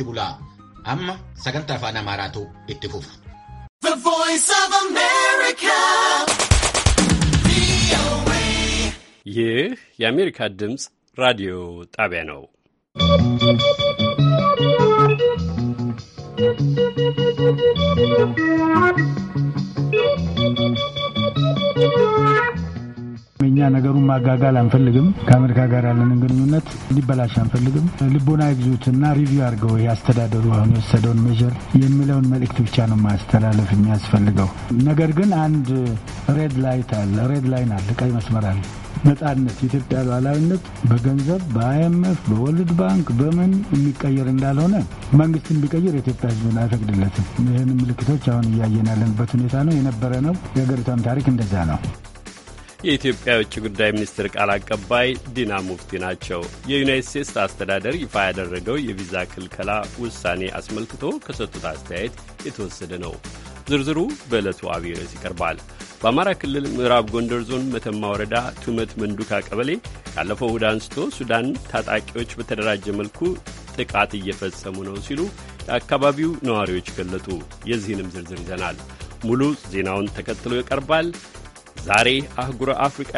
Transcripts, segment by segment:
itti bulaa amma sagantaa afaan amaaraatu itti fufa. ይህ የአሜሪካ ድምፅ ራዲዮ ጣቢያ ነው። ¶¶ እኛ ነገሩን ማጋጋል አንፈልግም። ከአሜሪካ ጋር ያለንን ግንኙነት ሊበላሽ አንፈልግም። ልቦና ይግዙትና ሪቪው አድርገው ያስተዳደሩ አሁን የወሰደውን ሜዥር የሚለውን መልእክት ብቻ ነው ማስተላለፍ የሚያስፈልገው። ነገር ግን አንድ ሬድ ላይት አለ፣ ሬድ ላይን አለ፣ ቀይ መስመር አለ። ነጻነት የኢትዮጵያ ሉዓላዊነት በገንዘብ በአይኤምኤፍ በወርልድ ባንክ በምን የሚቀየር እንዳልሆነ መንግስትን ቢቀይር የኢትዮጵያ ሕዝብን አይፈቅድለትም። ይህን ምልክቶች አሁን እያየን ያለንበት ሁኔታ ነው። የነበረ ነው። የሀገሪቷም ታሪክ እንደዛ ነው። የኢትዮጵያ የውጭ ጉዳይ ሚኒስትር ቃል አቀባይ ዲና ሙፍቲ ናቸው። የዩናይት ስቴትስ አስተዳደር ይፋ ያደረገው የቪዛ ክልከላ ውሳኔ አስመልክቶ ከሰጡት አስተያየት የተወሰደ ነው። ዝርዝሩ በዕለቱ አብይ ርዕስ ይቀርባል። በአማራ ክልል ምዕራብ ጎንደር ዞን መተማ ወረዳ ቱመት መንዱካ ቀበሌ ካለፈው እሁድ አንስቶ ሱዳን ታጣቂዎች በተደራጀ መልኩ ጥቃት እየፈጸሙ ነው ሲሉ የአካባቢው ነዋሪዎች ገለጡ። የዚህንም ዝርዝር ይዘናል። ሙሉ ዜናውን ተከትሎ ይቀርባል። ዛሬ አህጉረ አፍሪቃ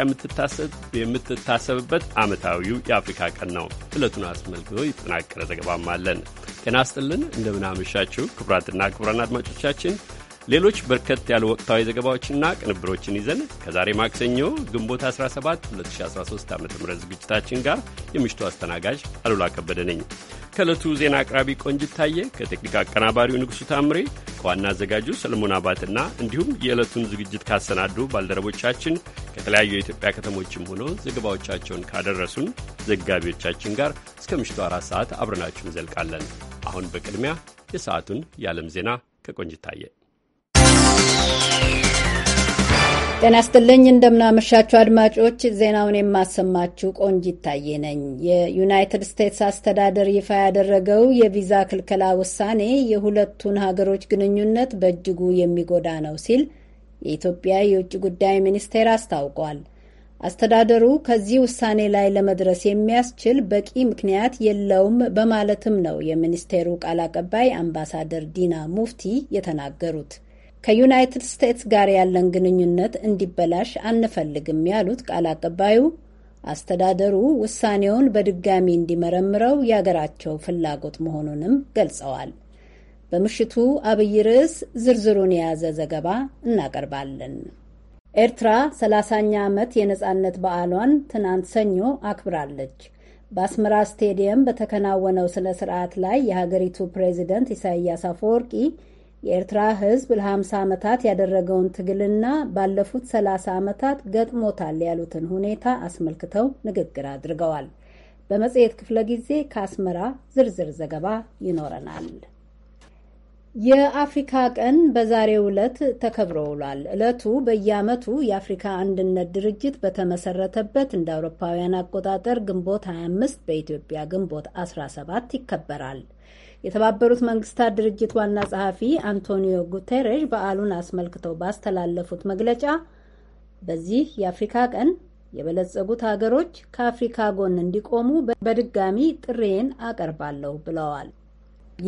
የምትታሰብበት ዓመታዊው የአፍሪካ ቀን ነው። ዕለቱን አስመልክቶ የተጠናቀረ ዘገባም አለን። ጤና ይስጥልን እንደምናመሻችሁ ክቡራትና ክቡራን አድማጮቻችን ሌሎች በርከት ያሉ ወቅታዊ ዘገባዎችና ቅንብሮችን ይዘን ከዛሬ ማክሰኞ ግንቦት 17 2013 ዓ ም ዝግጅታችን ጋር የምሽቱ አስተናጋጅ አሉላ ከበደ ነኝ። ከእለቱ ዜና አቅራቢ ቆንጅት ታየ፣ ከቴክኒክ አቀናባሪው ንጉሡ ታምሬ፣ ከዋና አዘጋጁ ሰለሞን አባትና እንዲሁም የዕለቱን ዝግጅት ካሰናዱ ባልደረቦቻችን ከተለያዩ የኢትዮጵያ ከተሞችም ሆነው ዘገባዎቻቸውን ካደረሱን ዘጋቢዎቻችን ጋር እስከ ምሽቱ አራት ሰዓት አብረናችሁ እንዘልቃለን። አሁን በቅድሚያ የሰዓቱን የዓለም ዜና ከቆንጅት ታየ ጤና ስትልኝ እንደምናመሻችሁ አድማጮች፣ ዜናውን የማሰማችሁ ቆንጅ ይታየ ነኝ። የዩናይትድ ስቴትስ አስተዳደር ይፋ ያደረገው የቪዛ ክልከላ ውሳኔ የሁለቱን ሀገሮች ግንኙነት በእጅጉ የሚጎዳ ነው ሲል የኢትዮጵያ የውጭ ጉዳይ ሚኒስቴር አስታውቋል። አስተዳደሩ ከዚህ ውሳኔ ላይ ለመድረስ የሚያስችል በቂ ምክንያት የለውም በማለትም ነው የሚኒስቴሩ ቃል አቀባይ አምባሳደር ዲና ሙፍቲ የተናገሩት። ከዩናይትድ ስቴትስ ጋር ያለን ግንኙነት እንዲበላሽ አንፈልግም ያሉት ቃል አቀባዩ አስተዳደሩ ውሳኔውን በድጋሚ እንዲመረምረው የአገራቸው ፍላጎት መሆኑንም ገልጸዋል። በምሽቱ አብይ ርዕስ ዝርዝሩን የያዘ ዘገባ እናቀርባለን። ኤርትራ ሰላሳኛ ዓመት የነጻነት በዓሏን ትናንት ሰኞ አክብራለች። በአስመራ ስቴዲየም በተከናወነው ስነ ስርዓት ላይ የሀገሪቱ ፕሬዚደንት ኢሳያስ አፈወርቂ የኤርትራ ሕዝብ ለ50 ዓመታት ያደረገውን ትግልና ባለፉት 30 ዓመታት ገጥሞታል ያሉትን ሁኔታ አስመልክተው ንግግር አድርገዋል። በመጽሔት ክፍለ ጊዜ ከአስመራ ዝርዝር ዘገባ ይኖረናል። የአፍሪካ ቀን በዛሬው ዕለት ተከብሮ ውሏል። ዕለቱ በየዓመቱ የአፍሪካ አንድነት ድርጅት በተመሰረተበት እንደ አውሮፓውያን አቆጣጠር ግንቦት 25 በኢትዮጵያ ግንቦት 17 ይከበራል። የተባበሩት መንግስታት ድርጅት ዋና ጸሐፊ አንቶኒዮ ጉቴሬሽ በዓሉን አስመልክተው ባስተላለፉት መግለጫ በዚህ የአፍሪካ ቀን የበለጸጉት ሀገሮች ከአፍሪካ ጎን እንዲቆሙ በድጋሚ ጥሬን አቀርባለሁ ብለዋል።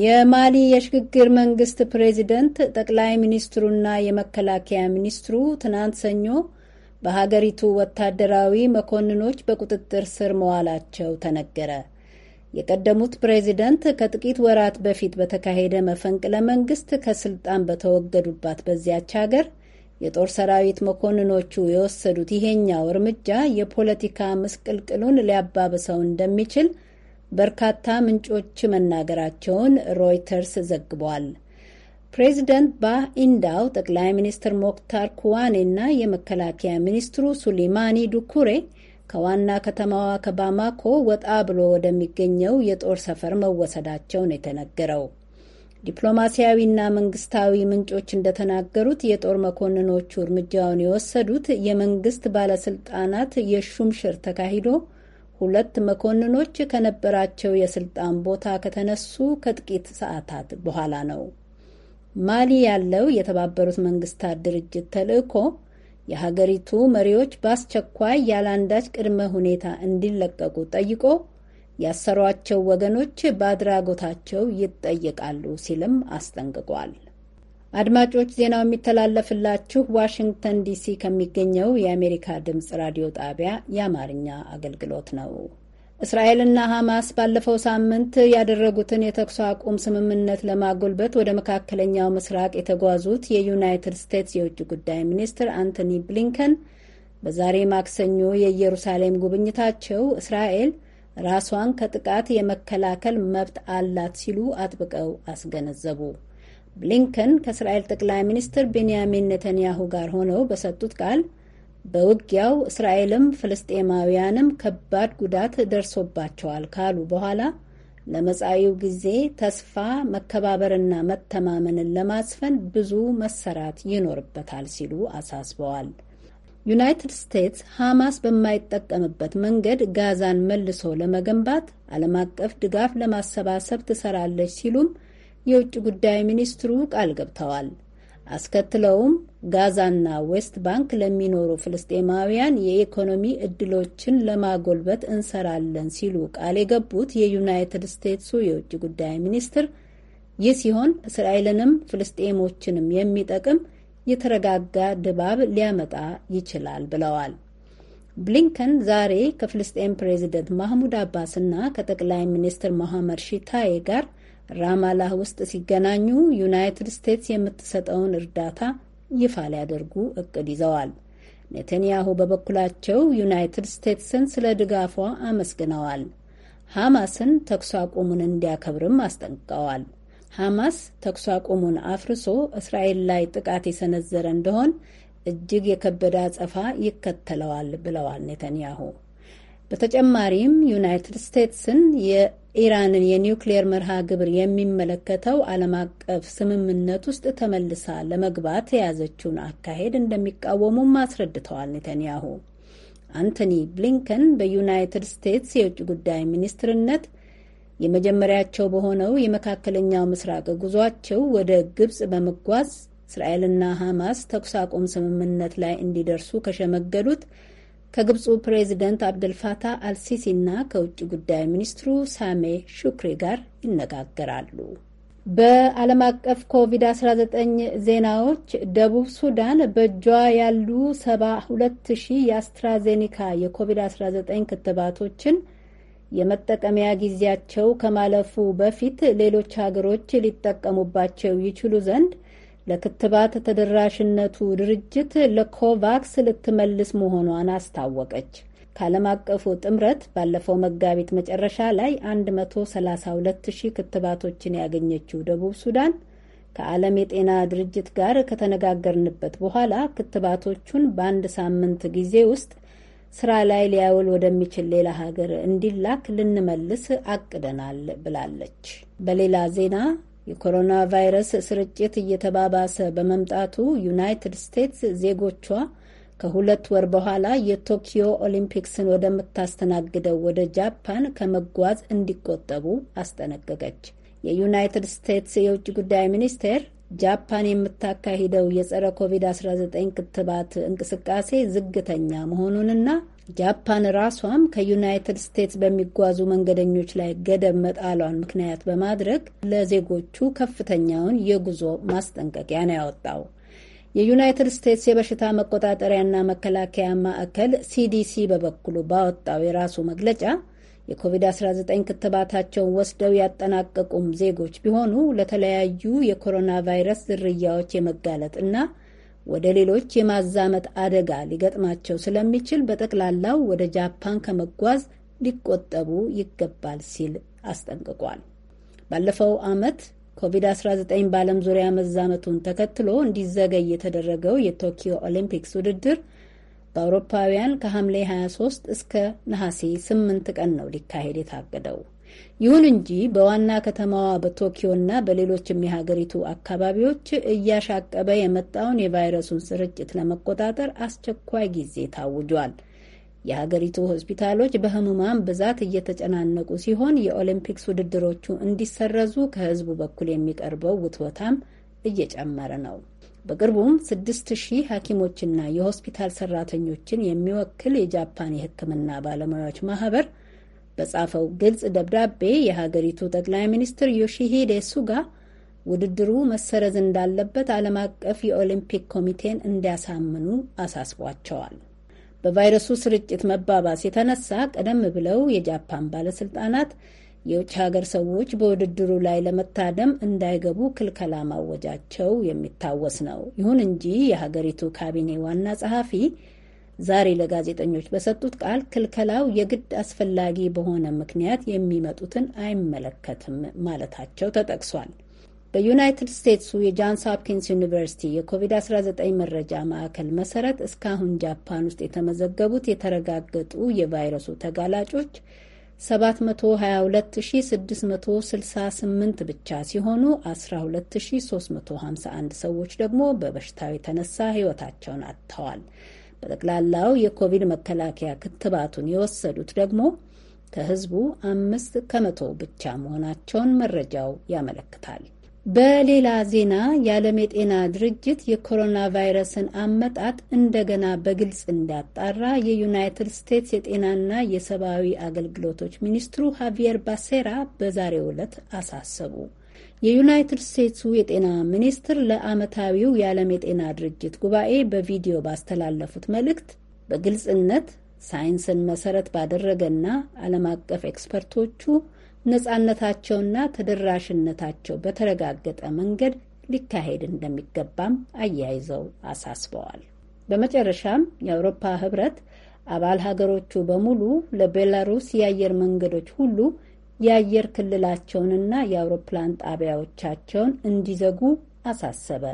የማሊ የሽግግር መንግስት ፕሬዚደንት ጠቅላይ ሚኒስትሩና የመከላከያ ሚኒስትሩ ትናንት ሰኞ በሀገሪቱ ወታደራዊ መኮንኖች በቁጥጥር ስር መዋላቸው ተነገረ። የቀደሙት ፕሬዚደንት ከጥቂት ወራት በፊት በተካሄደ መፈንቅለ መንግስት ከስልጣን በተወገዱባት በዚያች ሀገር የጦር ሰራዊት መኮንኖቹ የወሰዱት ይሄኛው እርምጃ የፖለቲካ ምስቅልቅሉን ሊያባብሰው እንደሚችል በርካታ ምንጮች መናገራቸውን ሮይተርስ ዘግቧል። ፕሬዚደንት ባህ ኢንዳው፣ ጠቅላይ ሚኒስትር ሞክታር ኩዋኔ እና የመከላከያ ሚኒስትሩ ሱሊማኒ ዱኩሬ ከዋና ከተማዋ ከባማኮ ወጣ ብሎ ወደሚገኘው የጦር ሰፈር መወሰዳቸውን የተነገረው ዲፕሎማሲያዊና መንግስታዊ ምንጮች እንደተናገሩት የጦር መኮንኖቹ እርምጃውን የወሰዱት የመንግስት ባለስልጣናት የሹምሽር ተካሂዶ ሁለት መኮንኖች ከነበራቸው የስልጣን ቦታ ከተነሱ ከጥቂት ሰዓታት በኋላ ነው። ማሊ ያለው የተባበሩት መንግስታት ድርጅት ተልዕኮ የሀገሪቱ መሪዎች በአስቸኳይ ያለአንዳች ቅድመ ሁኔታ እንዲለቀቁ ጠይቆ ያሰሯቸው ወገኖች በአድራጎታቸው ይጠየቃሉ ሲልም አስጠንቅቋል። አድማጮች ዜናው የሚተላለፍላችሁ ዋሽንግተን ዲሲ ከሚገኘው የአሜሪካ ድምፅ ራዲዮ ጣቢያ የአማርኛ አገልግሎት ነው። እስራኤልና ሐማስ ባለፈው ሳምንት ያደረጉትን የተኩስ አቁም ስምምነት ለማጎልበት ወደ መካከለኛው ምስራቅ የተጓዙት የዩናይትድ ስቴትስ የውጭ ጉዳይ ሚኒስትር አንቶኒ ብሊንከን በዛሬ ማክሰኞ የኢየሩሳሌም ጉብኝታቸው እስራኤል ራሷን ከጥቃት የመከላከል መብት አላት ሲሉ አጥብቀው አስገነዘቡ። ብሊንከን ከእስራኤል ጠቅላይ ሚኒስትር ቤንያሚን ኔተንያሁ ጋር ሆነው በሰጡት ቃል በውጊያው እስራኤልም ፍልስጤማውያንም ከባድ ጉዳት ደርሶባቸዋል ካሉ በኋላ ለመጻኢው ጊዜ ተስፋ መከባበርና መተማመንን ለማስፈን ብዙ መሰራት ይኖርበታል ሲሉ አሳስበዋል። ዩናይትድ ስቴትስ ሐማስ በማይጠቀምበት መንገድ ጋዛን መልሶ ለመገንባት ዓለም አቀፍ ድጋፍ ለማሰባሰብ ትሰራለች ሲሉም የውጭ ጉዳይ ሚኒስትሩ ቃል ገብተዋል። አስከትለውም ጋዛና ዌስት ባንክ ለሚኖሩ ፍልስጤማውያን የኢኮኖሚ እድሎችን ለማጎልበት እንሰራለን ሲሉ ቃል የገቡት የዩናይትድ ስቴትሱ የውጭ ጉዳይ ሚኒስትር ይህ ሲሆን እስራኤልንም ፍልስጤሞችንም የሚጠቅም የተረጋጋ ድባብ ሊያመጣ ይችላል ብለዋል። ብሊንከን ዛሬ ከፍልስጤም ፕሬዚደንት ማህሙድ አባስና ከጠቅላይ ሚኒስትር መሐመድ ሺታዬ ጋር ራማላህ ውስጥ ሲገናኙ ዩናይትድ ስቴትስ የምትሰጠውን እርዳታ ይፋ ሊያደርጉ እቅድ ይዘዋል። ኔተንያሁ በበኩላቸው ዩናይትድ ስቴትስን ስለ ድጋፏ አመስግነዋል። ሐማስን ተኩስ አቁሙን እንዲያከብርም አስጠንቅቀዋል። ሐማስ ተኩስ አቁሙን አፍርሶ እስራኤል ላይ ጥቃት የሰነዘረ እንደሆን እጅግ የከበደ አጸፋ ይከተለዋል ብለዋል ኔተንያሁ። በተጨማሪም ዩናይትድ ስቴትስን ኢራንን የኒውክሌር መርሃ ግብር የሚመለከተው ዓለም አቀፍ ስምምነት ውስጥ ተመልሳ ለመግባት የያዘችውን አካሄድ እንደሚቃወሙም አስረድተዋል ኔተንያሁ። አንቶኒ ብሊንከን በዩናይትድ ስቴትስ የውጭ ጉዳይ ሚኒስትርነት የመጀመሪያቸው በሆነው የመካከለኛው ምስራቅ ጉዟቸው ወደ ግብፅ በመጓዝ እስራኤልና ሐማስ ተኩስ አቁም ስምምነት ላይ እንዲደርሱ ከሸመገሉት ከግብፁ ፕሬዚደንት አብደልፋታ አልሲሲ እና ከውጭ ጉዳይ ሚኒስትሩ ሳሜ ሹክሪ ጋር ይነጋገራሉ። በዓለም አቀፍ ኮቪድ-19 ዜናዎች ደቡብ ሱዳን በእጇ ያሉ 720 የአስትራዜኒካ የኮቪድ-19 ክትባቶችን የመጠቀሚያ ጊዜያቸው ከማለፉ በፊት ሌሎች ሀገሮች ሊጠቀሙባቸው ይችሉ ዘንድ ለክትባት ተደራሽነቱ ድርጅት ለኮቫክስ ልትመልስ መሆኗን አስታወቀች። ከዓለም አቀፉ ጥምረት ባለፈው መጋቢት መጨረሻ ላይ 132,000 ክትባቶችን ያገኘችው ደቡብ ሱዳን ከዓለም የጤና ድርጅት ጋር ከተነጋገርንበት በኋላ ክትባቶቹን በአንድ ሳምንት ጊዜ ውስጥ ስራ ላይ ሊያውል ወደሚችል ሌላ ሀገር እንዲላክ ልንመልስ አቅደናል ብላለች። በሌላ ዜና የኮሮና ቫይረስ ስርጭት እየተባባሰ በመምጣቱ ዩናይትድ ስቴትስ ዜጎቿ ከሁለት ወር በኋላ የቶኪዮ ኦሊምፒክስን ወደምታስተናግደው ወደ ጃፓን ከመጓዝ እንዲቆጠቡ አስጠነቀቀች። የዩናይትድ ስቴትስ የውጭ ጉዳይ ሚኒስቴር ጃፓን የምታካሂደው የጸረ ኮቪድ-19 ክትባት እንቅስቃሴ ዝግተኛ መሆኑንና ጃፓን ራሷም ከዩናይትድ ስቴትስ በሚጓዙ መንገደኞች ላይ ገደብ መጣሏን ምክንያት በማድረግ ለዜጎቹ ከፍተኛውን የጉዞ ማስጠንቀቂያ ነው ያወጣው። የዩናይትድ ስቴትስ የበሽታ መቆጣጠሪያና መከላከያ ማዕከል ሲዲሲ በበኩሉ ባወጣው የራሱ መግለጫ የኮቪድ-19 ክትባታቸውን ወስደው ያጠናቀቁም ዜጎች ቢሆኑ ለተለያዩ የኮሮና ቫይረስ ዝርያዎች የመጋለጥ እና ወደ ሌሎች የማዛመት አደጋ ሊገጥማቸው ስለሚችል በጠቅላላው ወደ ጃፓን ከመጓዝ ሊቆጠቡ ይገባል ሲል አስጠንቅቋል። ባለፈው ዓመት ኮቪድ-19 በዓለም ዙሪያ መዛመቱን ተከትሎ እንዲዘገይ የተደረገው የቶኪዮ ኦሊምፒክስ ውድድር በአውሮፓውያን ከሐምሌ 23 እስከ ነሐሴ 8 ቀን ነው ሊካሄድ የታገደው። ይሁን እንጂ በዋና ከተማዋ በቶኪዮና በሌሎችም የሀገሪቱ አካባቢዎች እያሻቀበ የመጣውን የቫይረሱን ስርጭት ለመቆጣጠር አስቸኳይ ጊዜ ታውጇል። የሀገሪቱ ሆስፒታሎች በህሙማን ብዛት እየተጨናነቁ ሲሆን የኦሊምፒክስ ውድድሮቹ እንዲሰረዙ ከህዝቡ በኩል የሚቀርበው ውትወታም እየጨመረ ነው። በቅርቡም ስድስት ሺህ ሐኪሞችና የሆስፒታል ሰራተኞችን የሚወክል የጃፓን የሕክምና ባለሙያዎች ማህበር በጻፈው ግልጽ ደብዳቤ የሀገሪቱ ጠቅላይ ሚኒስትር ዮሺሂዴ ሱጋ ውድድሩ መሰረዝ እንዳለበት ዓለም አቀፍ የኦሊምፒክ ኮሚቴን እንዲያሳምኑ አሳስቧቸዋል። በቫይረሱ ስርጭት መባባስ የተነሳ ቀደም ብለው የጃፓን ባለስልጣናት የውጭ ሀገር ሰዎች በውድድሩ ላይ ለመታደም እንዳይገቡ ክልከላ ማወጃቸው የሚታወስ ነው። ይሁን እንጂ የሀገሪቱ ካቢኔ ዋና ጸሐፊ ዛሬ ለጋዜጠኞች በሰጡት ቃል ክልከላው የግድ አስፈላጊ በሆነ ምክንያት የሚመጡትን አይመለከትም ማለታቸው ተጠቅሷል። በዩናይትድ ስቴትሱ የጃንስ ሆፕኪንስ ዩኒቨርሲቲ የኮቪድ-19 መረጃ ማዕከል መሰረት እስካሁን ጃፓን ውስጥ የተመዘገቡት የተረጋገጡ የቫይረሱ ተጋላጮች 722,668 ብቻ ሲሆኑ 12351 ሰዎች ደግሞ በበሽታው የተነሳ ሕይወታቸውን አጥተዋል። በጠቅላላው የኮቪድ መከላከያ ክትባቱን የወሰዱት ደግሞ ከህዝቡ አምስት ከመቶ ብቻ መሆናቸውን መረጃው ያመለክታል። በሌላ ዜና የዓለም የጤና ድርጅት የኮሮና ቫይረስን አመጣጥ እንደገና በግልጽ እንዳጣራ የዩናይትድ ስቴትስ የጤናና የሰብአዊ አገልግሎቶች ሚኒስትሩ ሃቪየር ባሴራ በዛሬው ዕለት አሳሰቡ። የዩናይትድ ስቴትሱ የጤና ሚኒስትር ለዓመታዊው የዓለም የጤና ድርጅት ጉባኤ በቪዲዮ ባስተላለፉት መልእክት በግልጽነት ሳይንስን መሰረት ባደረገና ዓለም አቀፍ ኤክስፐርቶቹ ነጻነታቸውና ተደራሽነታቸው በተረጋገጠ መንገድ ሊካሄድ እንደሚገባም አያይዘው አሳስበዋል። በመጨረሻም የአውሮፓ ህብረት አባል ሀገሮቹ በሙሉ ለቤላሩስ የአየር መንገዶች ሁሉ የአየር ክልላቸውንና የአውሮፕላን ጣቢያዎቻቸውን እንዲዘጉ አሳሰበ።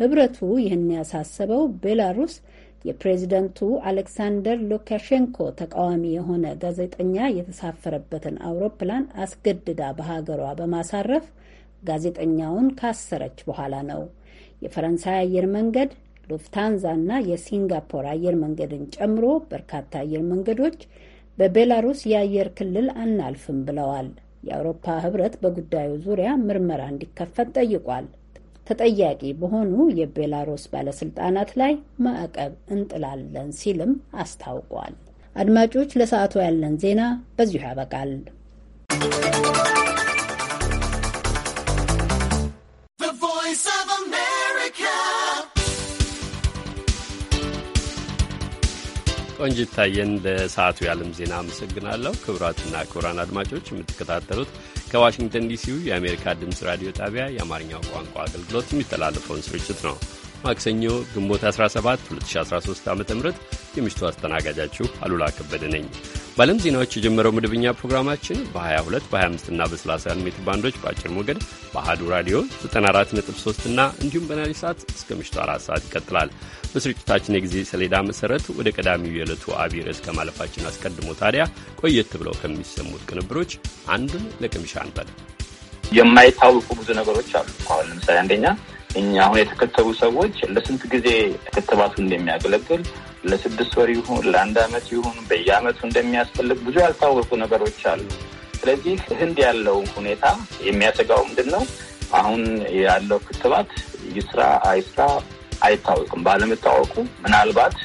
ህብረቱ ይህን ያሳሰበው ቤላሩስ የፕሬዚደንቱ አሌክሳንደር ሉካሼንኮ ተቃዋሚ የሆነ ጋዜጠኛ የተሳፈረበትን አውሮፕላን አስገድዳ በሀገሯ በማሳረፍ ጋዜጠኛውን ካሰረች በኋላ ነው። የፈረንሳይ አየር መንገድ፣ ሉፍታንዛ እና የሲንጋፖር አየር መንገድን ጨምሮ በርካታ አየር መንገዶች በቤላሩስ የአየር ክልል አናልፍም ብለዋል። የአውሮፓ ህብረት በጉዳዩ ዙሪያ ምርመራ እንዲከፈት ጠይቋል። ተጠያቂ በሆኑ የቤላሩስ ባለስልጣናት ላይ ማዕቀብ እንጥላለን ሲልም አስታውቋል። አድማጮች፣ ለሰዓቱ ያለን ዜና በዚሁ ያበቃል። ቆንጂት ታየን ለሰዓቱ የዓለም ዜና አመሰግናለሁ። ክቡራትና ክቡራን አድማጮች የምትከታተሉት ከዋሽንግተን ዲሲው የአሜሪካ ድምፅ ራዲዮ ጣቢያ የአማርኛው ቋንቋ አገልግሎት የሚተላለፈውን ስርጭት ነው። ማክሰኞ ግንቦት 17 2013 ዓ ም የምሽቱ አስተናጋጃችሁ አሉላ ከበደ ነኝ። በዓለም ዜናዎች የጀመረው መደበኛ ፕሮግራማችን በ22 በ25 እና በ31 ሜትር ባንዶች በአጭር ሞገድ በአሃዱ ራዲዮ 943 እና እንዲሁም በናሪ ሰዓት እስከ ምሽቱ 4 ሰዓት ይቀጥላል። በስርጭታችን የጊዜ ሰሌዳ መሠረት ወደ ቀዳሚው የዕለቱ አብይ ርዕስ ከማለፋችን አስቀድሞ ታዲያ ቆየት ብለው ከሚሰሙት ቅንብሮች አንዱን ለቅምሻ አንበል። የማይታወቁ ብዙ ነገሮች አሉ። አሁን ለምሳሌ አንደኛ እኛ አሁን የተከተቡ ሰዎች ለስንት ጊዜ ክትባቱ እንደሚያገለግል ለስድስት ወር ይሁን ለአንድ አመት ይሁን በየአመቱ እንደሚያስፈልግ ብዙ ያልታወቁ ነገሮች አሉ። ስለዚህ ህንድ ያለው ሁኔታ የሚያሰጋው ምንድን ነው? አሁን ያለው ክትባት ይስራ አይስራ አይታወቅም። ባለመታወቁ ምናልባት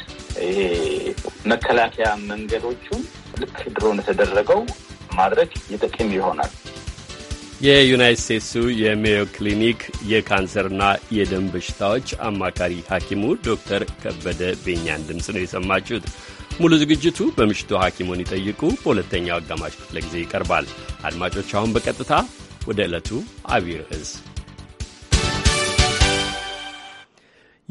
ይሄ መከላከያ መንገዶቹን ልክ ድሮ እንደተደረገው ማድረግ ይጠቅም ይሆናል። የዩናይት ስቴትሱ የሜዮ ክሊኒክ የካንሰርና የደም በሽታዎች አማካሪ ሐኪሙ ዶክተር ከበደ ቤኛን ድምፅ ነው የሰማችሁት። ሙሉ ዝግጅቱ በምሽቱ ሐኪሙን ይጠይቁ በሁለተኛው አጋማሽ ክፍለ ጊዜ ይቀርባል። አድማጮች፣ አሁን በቀጥታ ወደ ዕለቱ አቢይ ርዕስ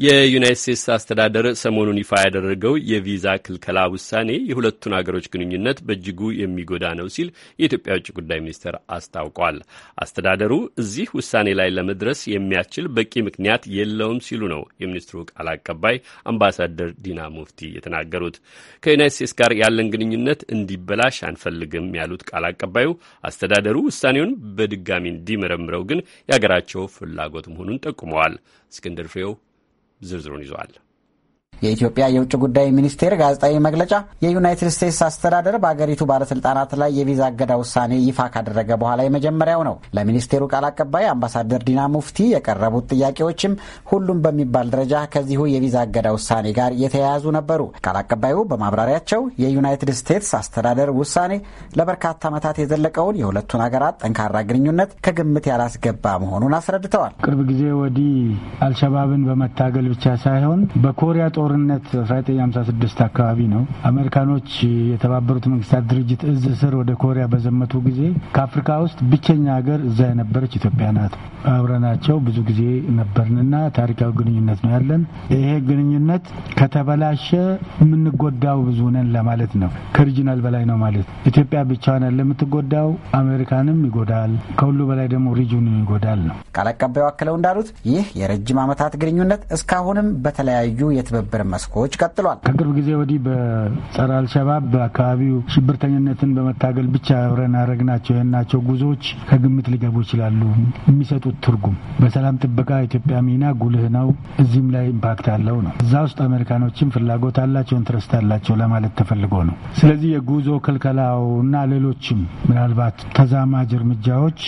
የዩናይት ስቴትስ አስተዳደር ሰሞኑን ይፋ ያደረገው የቪዛ ክልከላ ውሳኔ የሁለቱን አገሮች ግንኙነት በእጅጉ የሚጎዳ ነው ሲል የኢትዮጵያ ውጭ ጉዳይ ሚኒስቴር አስታውቋል። አስተዳደሩ እዚህ ውሳኔ ላይ ለመድረስ የሚያስችል በቂ ምክንያት የለውም ሲሉ ነው የሚኒስትሩ ቃል አቀባይ አምባሳደር ዲና ሙፍቲ የተናገሩት። ከዩናይት ስቴትስ ጋር ያለን ግንኙነት እንዲበላሽ አንፈልግም ያሉት ቃል አቀባዩ አስተዳደሩ ውሳኔውን በድጋሚ እንዲመረምረው ግን የሀገራቸው ፍላጎት መሆኑን ጠቁመዋል። እስክንድር ፍሬው ዝርዝሩን ይዟል። የኢትዮጵያ የውጭ ጉዳይ ሚኒስቴር ጋዜጣዊ መግለጫ የዩናይትድ ስቴትስ አስተዳደር በአገሪቱ ባለስልጣናት ላይ የቪዛ እገዳ ውሳኔ ይፋ ካደረገ በኋላ የመጀመሪያው ነው። ለሚኒስቴሩ ቃል አቀባይ አምባሳደር ዲና ሙፍቲ የቀረቡት ጥያቄዎችም ሁሉም በሚባል ደረጃ ከዚሁ የቪዛ እገዳ ውሳኔ ጋር የተያያዙ ነበሩ። ቃል አቀባዩ በማብራሪያቸው የዩናይትድ ስቴትስ አስተዳደር ውሳኔ ለበርካታ ዓመታት የዘለቀውን የሁለቱን ሀገራት ጠንካራ ግንኙነት ከግምት ያላስገባ መሆኑን አስረድተዋል። ቅርብ ጊዜ ወዲህ አልሸባብን በመታገል ብቻ ሳይሆን በኮሪያ ጦርነት 1956 አካባቢ ነው። አሜሪካኖች የተባበሩት መንግስታት ድርጅት እዝ ስር ወደ ኮሪያ በዘመቱ ጊዜ ከአፍሪካ ውስጥ ብቸኛ ሀገር እዛ የነበረች ኢትዮጵያ ናት። አብረናቸው ብዙ ጊዜ ነበርንና ታሪካዊ ግንኙነት ነው ያለን። ይሄ ግንኙነት ከተበላሸ የምንጎዳው ብዙ ነን ለማለት ነው። ከሪጂናል በላይ ነው ማለት ኢትዮጵያ ብቻዋን ያለ የምትጎዳው አሜሪካንም ይጎዳል፣ ከሁሉ በላይ ደግሞ ሪጅኑ ይጎዳል ነው። ቃል አቀባዩ አክለው እንዳሉት ይህ የረጅም ዓመታት ግንኙነት እስካሁንም በተለያዩ የትብብ የትብብር መስኮች ቀጥሏል። ከቅርብ ጊዜ ወዲህ በጸረ አልሸባብ በአካባቢው ሽብርተኝነትን በመታገል ብቻ አብረን ያደረግናቸው የናቸው ጉዞዎች ከግምት ሊገቡ ይችላሉ። የሚሰጡት ትርጉም በሰላም ጥበቃ ኢትዮጵያ ሚና ጉልህ ነው፣ እዚህም ላይ ኢምፓክት አለው ነው። እዛ ውስጥ አሜሪካኖችም ፍላጎት አላቸው፣ ኢንትረስት አላቸው ለማለት ተፈልጎ ነው። ስለዚህ የጉዞ ክልከላው እና ሌሎችም ምናልባት ተዛማጅ እርምጃዎች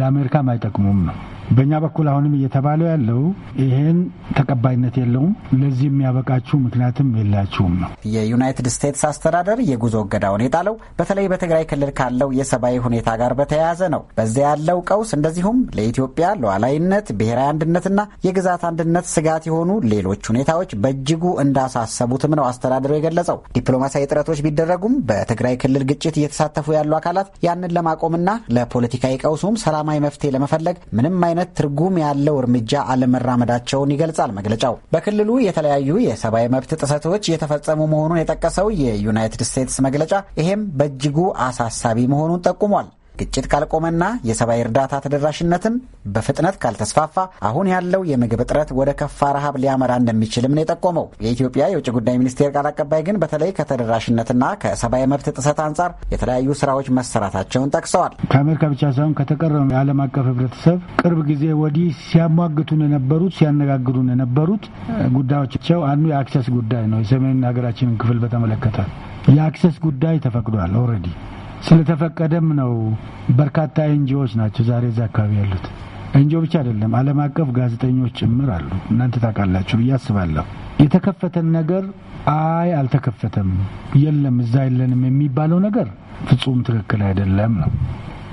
ለአሜሪካም አይጠቅሙም ነው በእኛ በኩል አሁንም እየተባለው ያለው ይሄን ተቀባይነት የለውም፣ ለዚህ የሚያበቃችሁ ምክንያትም የላችሁም ነው። የዩናይትድ ስቴትስ አስተዳደር የጉዞ እገዳውን የጣለው በተለይ በትግራይ ክልል ካለው የሰብአዊ ሁኔታ ጋር በተያያዘ ነው። በዚያ ያለው ቀውስ እንደዚሁም ለኢትዮጵያ ሉዓላዊነት፣ ብሔራዊ አንድነትና የግዛት አንድነት ስጋት የሆኑ ሌሎች ሁኔታዎች በእጅጉ እንዳሳሰቡትም ነው አስተዳደሩ የገለጸው። ዲፕሎማሲያዊ ጥረቶች ቢደረጉም በትግራይ ክልል ግጭት እየተሳተፉ ያሉ አካላት ያንን ለማቆምና ለፖለቲካዊ ቀውሱም ሰላማዊ መፍትሄ ለመፈለግ ምንም አይነት አይነት ትርጉም ያለው እርምጃ አለመራመዳቸውን ይገልጻል መግለጫው። በክልሉ የተለያዩ የሰብአዊ መብት ጥሰቶች እየተፈጸሙ መሆኑን የጠቀሰው የዩናይትድ ስቴትስ መግለጫ ይሄም በእጅጉ አሳሳቢ መሆኑን ጠቁሟል። ግጭት ካልቆመና የሰብአዊ እርዳታ ተደራሽነትም በፍጥነት ካልተስፋፋ አሁን ያለው የምግብ እጥረት ወደ ከፋ ረሃብ ሊያመራ እንደሚችልም ነው የጠቆመው። የኢትዮጵያ የውጭ ጉዳይ ሚኒስቴር ቃል አቀባይ ግን በተለይ ከተደራሽነትና ከሰብአዊ መብት ጥሰት አንጻር የተለያዩ ስራዎች መሰራታቸውን ጠቅሰዋል። ከአሜሪካ ብቻ ሳይሆን ከተቀረው የዓለም አቀፍ ህብረተሰብ ቅርብ ጊዜ ወዲህ ሲያሟግቱን የነበሩት ሲያነጋግሩን የነበሩት ጉዳዮቻቸው አንዱ የአክሰስ ጉዳይ ነው። የሰሜን ሀገራችንን ክፍል በተመለከተ የአክሰስ ጉዳይ ተፈቅዷል ኦልሬዲ ስለተፈቀደም ነው በርካታ ኤንጂዎች ናቸው ዛሬ እዛ አካባቢ ያሉት። ኤንጂኦ ብቻ አይደለም፣ ዓለም አቀፍ ጋዜጠኞች ጭምር አሉ። እናንተ ታውቃላችሁ ብዬ አስባለሁ። የተከፈተን ነገር አይ አልተከፈተም፣ የለም፣ እዛ የለንም የሚባለው ነገር ፍጹም ትክክል አይደለም ነው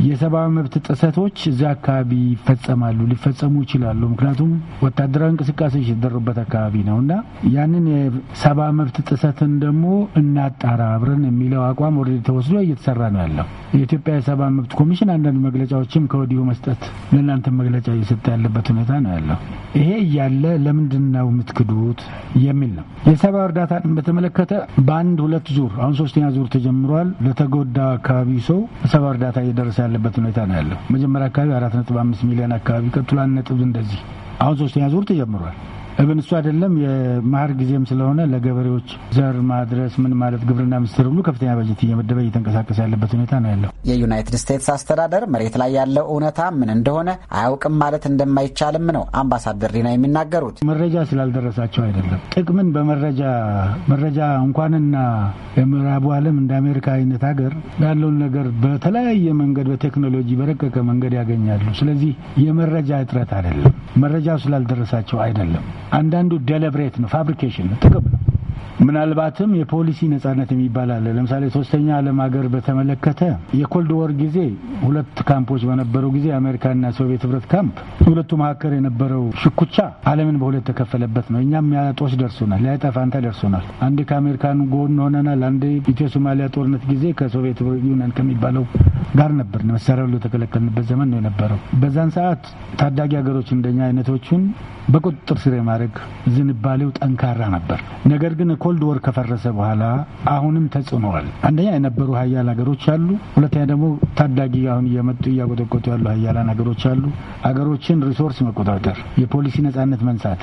የሰብአዊ መብት ጥሰቶች እዚያ አካባቢ ይፈጸማሉ፣ ሊፈጸሙ ይችላሉ። ምክንያቱም ወታደራዊ እንቅስቃሴዎች የተደረጉበት አካባቢ ነው እና ያንን የሰብአዊ መብት ጥሰትን ደግሞ እናጣራ አብረን የሚለው አቋም ወደ ተወስዶ እየተሰራ ነው ያለው። የኢትዮጵያ የሰብአዊ መብት ኮሚሽን አንዳንድ መግለጫዎችም ከወዲሁ መስጠት ለእናንተ መግለጫ እየሰጠ ያለበት ሁኔታ ነው ያለው። ይሄ እያለ ለምንድን ነው የምትክዱት የሚል ነው። የሰብአዊ እርዳታን በተመለከተ በአንድ ሁለት ዙር አሁን ሶስተኛ ዙር ተጀምሯል። ለተጎዳ አካባቢ ሰው ሰብአዊ እርዳታ እየደረሰ ባለበት ሁኔታ ነው ያለው። መጀመሪያ አካባቢ አራት ነጥብ አምስት ሚሊዮን አካባቢ ቀጥሎ አንድ ነጥብ እንደዚህ አሁን ሶስተኛ ዙር ተጀምሯል። እብን እሱ አይደለም የመኸር ጊዜም ስለሆነ ለገበሬዎች ዘር ማድረስ ምን ማለት ግብርና ሚኒስቴር ሁሉ ከፍተኛ በጀት እየመደበ እየተንቀሳቀሰ ያለበት ሁኔታ ነው ያለው። የዩናይትድ ስቴትስ አስተዳደር መሬት ላይ ያለው እውነታ ምን እንደሆነ አያውቅም ማለት እንደማይቻልም ነው አምባሳደር ሪና የሚናገሩት። መረጃ ስላልደረሳቸው አይደለም። ጥቅምን በመረጃ መረጃ እንኳንና የምዕራቡ ዓለም እንደ አሜሪካ አይነት ሀገር ያለውን ነገር በተለያየ መንገድ በቴክኖሎጂ በረቀቀ መንገድ ያገኛሉ። ስለዚህ የመረጃ እጥረት አይደለም፣ መረጃው ስላልደረሳቸው አይደለም። አንዳንዱ ደለብሬት ነው፣ ፋብሪኬሽን ነው፣ ጥቅም ነው። ምናልባትም የፖሊሲ ነጻነት የሚባል አለ። ለምሳሌ ሶስተኛ ዓለም ሀገር በተመለከተ የኮልድ ወር ጊዜ ሁለት ካምፖች በነበረው ጊዜ አሜሪካና ሶቪየት ህብረት ካምፕ ሁለቱ መካከል የነበረው ሽኩቻ ዓለምን በሁለት ተከፈለበት ነው። እኛም ያጦች ደርሶናል፣ ያጠፋንታ ደርሶናል። አንዴ ከአሜሪካን ጎን ሆነናል። አንዴ ኢትዮ ሶማሊያ ጦርነት ጊዜ ከሶቪየት ዩኒየን ከሚባለው ጋር ነበር። መሳሪያ ሁሉ የተከለከልንበት ዘመን ነው የነበረው። በዛን ሰዓት ታዳጊ ሀገሮች እንደኛ አይነቶቹን በቁጥጥር ስር የማድረግ ዝንባሌው ጠንካራ ነበር። ነገር ግን ኮልድ ወር ከፈረሰ በኋላ አሁንም ተጽዕኖዋል። አንደኛ የነበሩ ሀያል ሀገሮች አሉ። ሁለተኛ ደግሞ ታዳጊ አሁን እየመጡ እያቆጠቆጡ ያሉ ሀያላን ሀገሮች አሉ። ሀገሮችን ሪሶርስ መቆጣጠር፣ የፖሊሲ ነጻነት መንሳት፣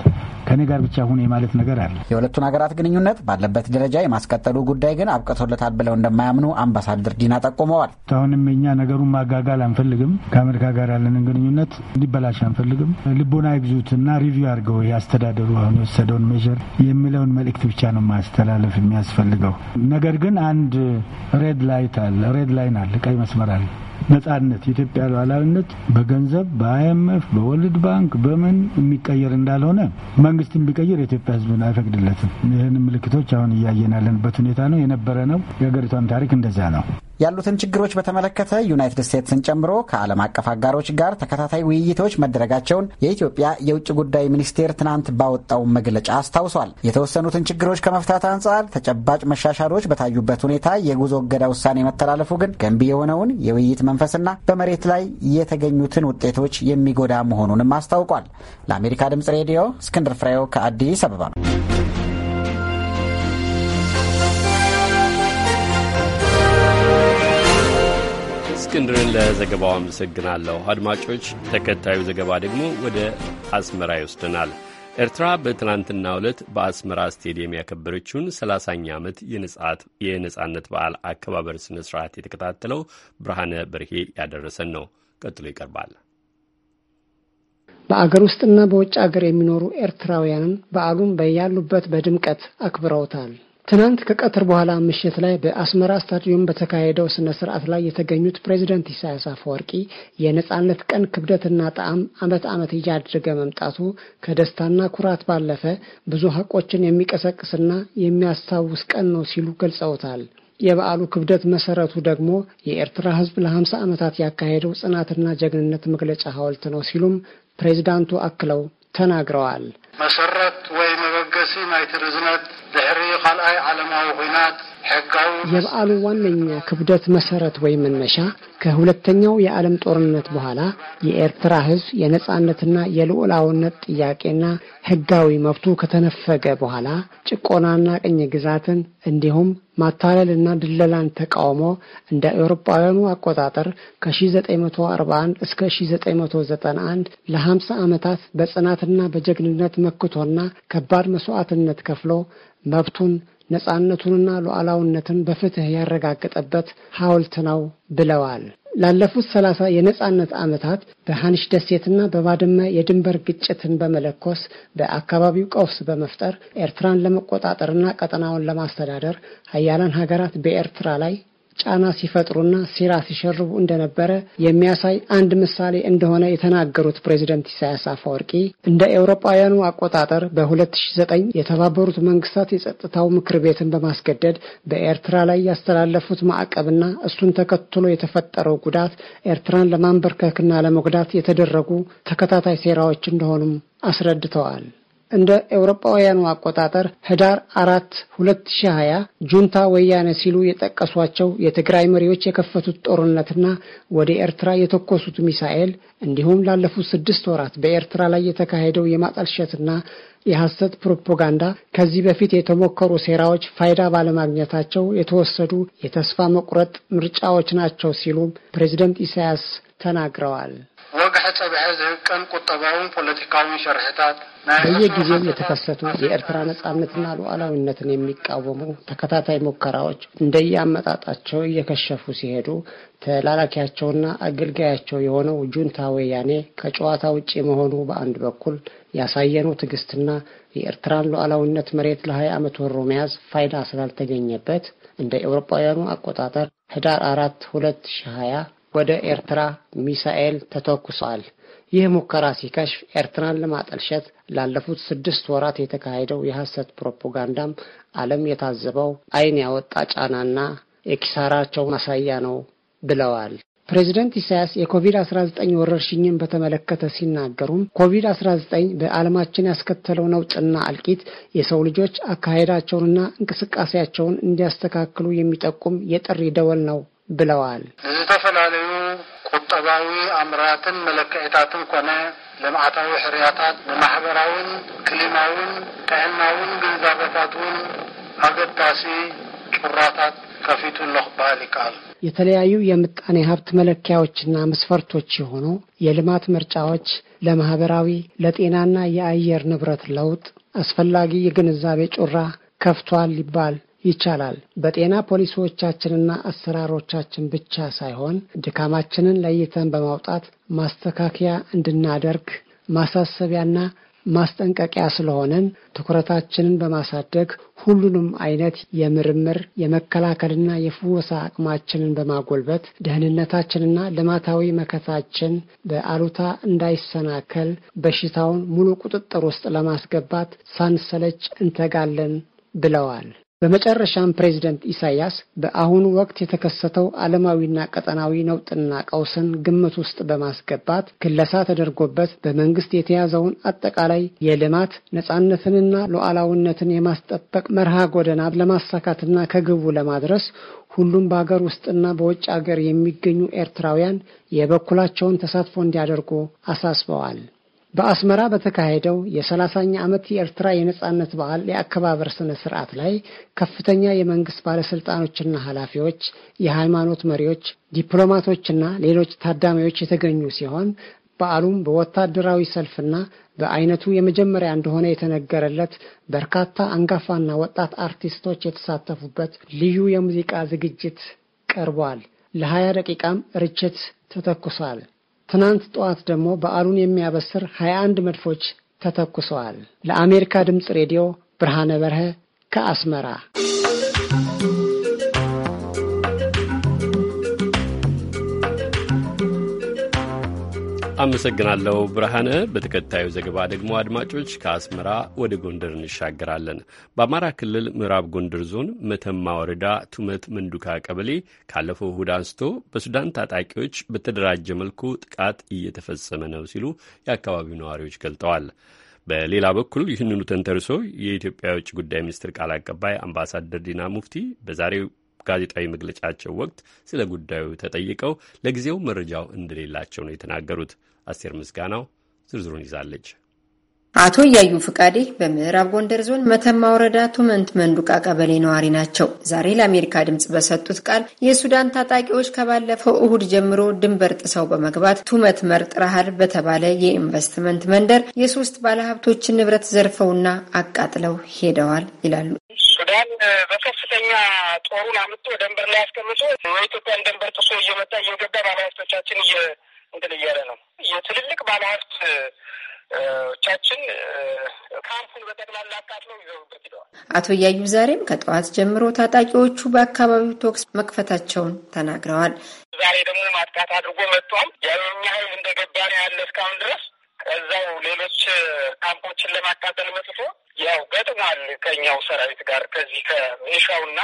ከኔ ጋር ብቻ ሁን የማለት ነገር አለ። የሁለቱን ሀገራት ግንኙነት ባለበት ደረጃ የማስቀጠሉ ጉዳይ ግን አብቅቶለታል ብለው እንደማያምኑ አምባሳደር ዲና ጠቁመዋል። አሁንም እኛ ነገሩን ማጋጋል አንፈልግም። ከአሜሪካ ጋር ያለንን ግንኙነት እንዲበላሽ አንፈልግም። ልቦና ይግዙትና ሪቪው አድርገው ያስተዳደሩ አሁን የወሰደውን ሜር የሚለውን መልእክት ብቻ ነው ነው ማስተላለፍ የሚያስፈልገው። ነገር ግን አንድ ሬድ ላይት አለ፣ ሬድ ላይን አለ፣ ቀይ መስመር አለ። ነጻነት፣ የኢትዮጵያ ሉዓላዊነት በገንዘብ በአይኤምኤፍ በወርልድ ባንክ በምን የሚቀየር እንዳልሆነ መንግስትን ቢቀይር የኢትዮጵያ ሕዝብን አይፈቅድለትም። ይህን ምልክቶች አሁን እያየናለንበት ሁኔታ ነው። የነበረ ነው። የሀገሪቷም ታሪክ እንደዛ ነው። ያሉትን ችግሮች በተመለከተ ዩናይትድ ስቴትስን ጨምሮ ከዓለም አቀፍ አጋሮች ጋር ተከታታይ ውይይቶች መደረጋቸውን የኢትዮጵያ የውጭ ጉዳይ ሚኒስቴር ትናንት ባወጣው መግለጫ አስታውሷል። የተወሰኑትን ችግሮች ከመፍታት አንጻር ተጨባጭ መሻሻሎች በታዩበት ሁኔታ የጉዞ እገዳ ውሳኔ መተላለፉ ግን ገንቢ የሆነውን የውይይት መንፈስና በመሬት ላይ የተገኙትን ውጤቶች የሚጎዳ መሆኑንም አስታውቋል። ለአሜሪካ ድምጽ ሬዲዮ እስክንድር ፍሬው ከአዲስ አበባ ነው። እስክንድርን ለዘገባው አመሰግናለሁ። አድማጮች፣ ተከታዩ ዘገባ ደግሞ ወደ አስመራ ይወስደናል። ኤርትራ በትናንትና ዕለት በአስመራ ስቴዲየም ያከበረችውን ሰላሳኛ ዓመት የነጻነት በዓል አከባበር ስነ ስርዓት የተከታተለው ብርሃነ በርሄ ያደረሰን ነው። ቀጥሎ ይቀርባል። በአገር ውስጥና በውጭ አገር የሚኖሩ ኤርትራውያንን በዓሉን በያሉበት በድምቀት አክብረውታል። ትናንት ከቀትር በኋላ ምሽት ላይ በአስመራ ስታዲየም በተካሄደው ስነ ስርዓት ላይ የተገኙት ፕሬዚደንት ኢሳያስ አፈወርቂ የነጻነት ቀን ክብደትና ጣዕም ዓመት ዓመት እያደገ መምጣቱ ከደስታና ኩራት ባለፈ ብዙ ሀቆችን የሚቀሰቅስና የሚያስታውስ ቀን ነው ሲሉ ገልጸውታል። የበዓሉ ክብደት መሰረቱ ደግሞ የኤርትራ ሕዝብ ለሀምሳ ዓመታት ያካሄደው ጽናትና ጀግንነት መግለጫ ሐውልት ነው ሲሉም ፕሬዚዳንቱ አክለው ተናግረዋል። መሰረት ወይም መበገሲ ናይቲ ርዝነት ድሕሪ ካልኣይ ዓለማዊ ኩናት ሕጋዊ የበዓሉ ዋነኛ ክብደት መሰረት ወይ መነሻ ከሁለተኛው የዓለም ጦርነት በኋላ የኤርትራ ህዝብ የነጻነትና የልዑላውነት ጥያቄና ሕጋዊ መብቱ ከተነፈገ በኋላ ጭቆናና ቅኝ ግዛትን እንዲሁም ማታለልና ድለላን ተቃውሞ እንደ አውሮፓውያኑ አቆጣጠር ከ 941 እስከ 991 ለ50 ዓመታት በጽናትና በጀግንነት መክቶና ከባድ መስዋዕትነት ከፍሎ መብቱን ነፃነቱንና ሉዓላውነትን በፍትህ ያረጋገጠበት ሐውልት ነው ብለዋል። ላለፉት ሰላሳ የነጻነት ዓመታት በሃንሽ ደሴትና በባድመ የድንበር ግጭትን በመለኮስ በአካባቢው ቀውስ በመፍጠር ኤርትራን ለመቆጣጠርና ቀጠናውን ለማስተዳደር ሀያላን ሀገራት በኤርትራ ላይ ጫና ሲፈጥሩና ሴራ ሲሸርቡ እንደነበረ የሚያሳይ አንድ ምሳሌ እንደሆነ የተናገሩት ፕሬዚደንት ኢሳያስ አፈወርቂ እንደ ኤውሮጳውያኑ አቆጣጠር በ2009 የተባበሩት መንግስታት የጸጥታው ምክር ቤትን በማስገደድ በኤርትራ ላይ ያስተላለፉት ማዕቀብና እሱን ተከትሎ የተፈጠረው ጉዳት ኤርትራን ለማንበርከክና ለመጉዳት የተደረጉ ተከታታይ ሴራዎች እንደሆኑም አስረድተዋል። እንደ ኤውሮጳውያኑ አቆጣጠር ህዳር አራት ሁለት ሺ ሀያ ጁንታ ወያነ ሲሉ የጠቀሷቸው የትግራይ መሪዎች የከፈቱት ጦርነትና ወደ ኤርትራ የተኮሱት ሚሳኤል እንዲሁም ላለፉት ስድስት ወራት በኤርትራ ላይ የተካሄደው የማጠልሸትና የሐሰት ፕሮፓጋንዳ ከዚህ በፊት የተሞከሩ ሴራዎች ፋይዳ ባለማግኘታቸው የተወሰዱ የተስፋ መቁረጥ ምርጫዎች ናቸው ሲሉ ፕሬዚደንት ኢሳያስ ተናግረዋል። ወግሕ ፀብሐ ዝህብ ቁጠባውን ፖለቲካዊ ሸርሕታት በየጊዜው የተከሰቱ የኤርትራ ነጻነትና ሉዓላዊነትን የሚቃወሙ ተከታታይ ሙከራዎች እንደየአመጣጣቸው እየከሸፉ ሲሄዱ ተላላኪያቸውና አገልጋያቸው የሆነው ጁንታ ወያኔ ከጨዋታ ውጪ መሆኑ በአንድ በኩል ያሳየኑ ትዕግስትና የኤርትራን ሉዓላዊነት መሬት ለሀያ ዓመት ወሮ መያዝ ፋይዳ ስላልተገኘበት እንደ ኤውሮጳውያኑ አቆጣጠር ህዳር አራት ሁለት ሺ ሀያ ወደ ኤርትራ ሚሳኤል ተተኩሷል። ይህ ሙከራ ሲከሽፍ ኤርትራን ለማጠልሸት ላለፉት ስድስት ወራት የተካሄደው የሐሰት ፕሮፓጋንዳም ዓለም የታዘበው አይን ያወጣ ጫናና የኪሳራቸው ማሳያ ነው ብለዋል። ፕሬዚደንት ኢሳያስ የኮቪድ-19 ወረርሽኝን በተመለከተ ሲናገሩም ኮቪድ-19 በዓለማችን ያስከተለው ነውጥና አልቂት የሰው ልጆች አካሄዳቸውንና እንቅስቃሴያቸውን እንዲያስተካክሉ የሚጠቁም የጥሪ ደወል ነው ብለዋል። ዝተፈላለዩ ቁጠባዊ ኣምራትን መለክዒታትን ኮነ ልምዓታዊ ሕርያታት ንማሕበራውን ክሊማውን ጥዕናውን ግንዛቤታት እውን ኣገዳሲ ጩራታት ከፊቱ ኣሎ ክበሃል ይከኣል። የተለያዩ የምጣኔ ሀብት መለኪያዎችና መስፈርቶች የሆኑ የልማት ምርጫዎች ለማህበራዊ ለጤናና የአየር ንብረት ለውጥ አስፈላጊ የግንዛቤ ጩራ ከፍቷል ይባል ይቻላል። በጤና ፖሊሲዎቻችንና አሰራሮቻችን ብቻ ሳይሆን ድካማችንን ለይተን በማውጣት ማስተካከያ እንድናደርግ ማሳሰቢያና ማስጠንቀቂያ ስለሆነን ትኩረታችንን በማሳደግ ሁሉንም አይነት የምርምር የመከላከልና የፍወሳ አቅማችንን በማጎልበት ደህንነታችንና ልማታዊ መከታችን በአሉታ እንዳይሰናከል በሽታውን ሙሉ ቁጥጥር ውስጥ ለማስገባት ሳንሰለች እንተጋለን ብለዋል። በመጨረሻም ፕሬዚደንት ኢሳያስ በአሁኑ ወቅት የተከሰተው ዓለማዊና ቀጠናዊ ነውጥና ቀውስን ግምት ውስጥ በማስገባት ክለሳ ተደርጎበት በመንግስት የተያዘውን አጠቃላይ የልማት ነጻነትንና ሉዓላዊነትን የማስጠበቅ መርሃ ጎደና ለማሳካትና ከግቡ ለማድረስ ሁሉም በሀገር ውስጥና በውጭ ሀገር የሚገኙ ኤርትራውያን የበኩላቸውን ተሳትፎ እንዲያደርጉ አሳስበዋል። በአስመራ በተካሄደው የሰላሳኛ ዓመት የኤርትራ የነጻነት በዓል የአከባበር ስነ ስርዓት ላይ ከፍተኛ የመንግስት ባለስልጣኖችና ኃላፊዎች፣ የሃይማኖት መሪዎች፣ ዲፕሎማቶችና ሌሎች ታዳሚዎች የተገኙ ሲሆን በዓሉም በወታደራዊ ሰልፍና በአይነቱ የመጀመሪያ እንደሆነ የተነገረለት በርካታ አንጋፋና ወጣት አርቲስቶች የተሳተፉበት ልዩ የሙዚቃ ዝግጅት ቀርቧል። ለሀያ ደቂቃም ርችት ተተኩሷል። ትናንት ጠዋት ደግሞ በዓሉን የሚያበስር 21 መድፎች ተተኩሰዋል። ለአሜሪካ ድምፅ ሬዲዮ ብርሃነ በርሀ ከአስመራ አመሰግናለሁ ብርሃነ። በተከታዩ ዘገባ ደግሞ አድማጮች ከአስመራ ወደ ጎንደር እንሻገራለን። በአማራ ክልል ምዕራብ ጎንደር ዞን መተማ ወረዳ ቱመት መንዱካ ቀበሌ ካለፈው እሁድ አንስቶ በሱዳን ታጣቂዎች በተደራጀ መልኩ ጥቃት እየተፈጸመ ነው ሲሉ የአካባቢው ነዋሪዎች ገልጠዋል። በሌላ በኩል ይህንኑ ተንተርሶ የኢትዮጵያ የውጭ ጉዳይ ሚኒስትር ቃል አቀባይ አምባሳደር ዲና ሙፍቲ በዛሬው ጋዜጣዊ መግለጫቸው ወቅት ስለ ጉዳዩ ተጠይቀው ለጊዜው መረጃው እንደሌላቸው ነው የተናገሩት። አስቴር ምስጋናው ዝርዝሩን ይዛለች። አቶ እያዩ ፍቃዴ በምዕራብ ጎንደር ዞን መተማ ወረዳ ቱመንት መንዱቃ ቀበሌ ነዋሪ ናቸው። ዛሬ ለአሜሪካ ድምፅ በሰጡት ቃል የሱዳን ታጣቂዎች ከባለፈው እሁድ ጀምሮ ድንበር ጥሰው በመግባት ቱመት መርጥ ረሃል በተባለ የኢንቨስትመንት መንደር የሶስት ባለሀብቶችን ንብረት ዘርፈውና አቃጥለው ሄደዋል ይላሉ። ሱዳን በከፍተኛ ጦሩን አምጥቶ ደንበር ላይ አስቀምጦ የኢትዮጵያን ደንበር ጥሶ እየመጣ እየገባ ባለሀብቶቻችን እየ እንትን እያለ ነው። የትልልቅ ባለሀብት ካምፑን አቶ እያዩ ዛሬም ከጠዋት ጀምሮ ታጣቂዎቹ በአካባቢው ቶክስ መክፈታቸውን ተናግረዋል። ዛሬ ደግሞ ማጥቃት አድርጎ መጥቷል። የኛ ኃይል እንደገባ ነው ያለ እስካሁን ድረስ እዛው ሌሎች ካምፖችን ለማቃጠል መጥቶ ያው ገጥሟል ከኛው ሰራዊት ጋር ከዚህ ከሚሊሻውና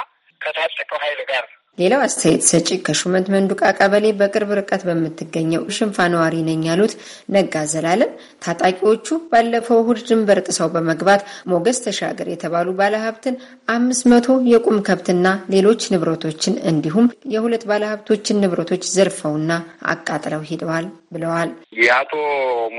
ከታጠቀው ኃይል ጋር። ሌላው አስተያየት ሰጪ ከሹመንት መንዱቃ ቀበሌ በቅርብ ርቀት በምትገኘው ሽንፋ ነዋሪ ነኝ ያሉት ነጋ ዘላለም ታጣቂዎቹ ባለፈው እሁድ ድንበር ጥሰው በመግባት ሞገስ ተሻገር የተባሉ ባለሀብትን አምስት መቶ የቁም ከብትና ሌሎች ንብረቶችን እንዲሁም የሁለት ባለሀብቶችን ንብረቶች ዘርፈውና አቃጥለው ሂደዋል ብለዋል። የአቶ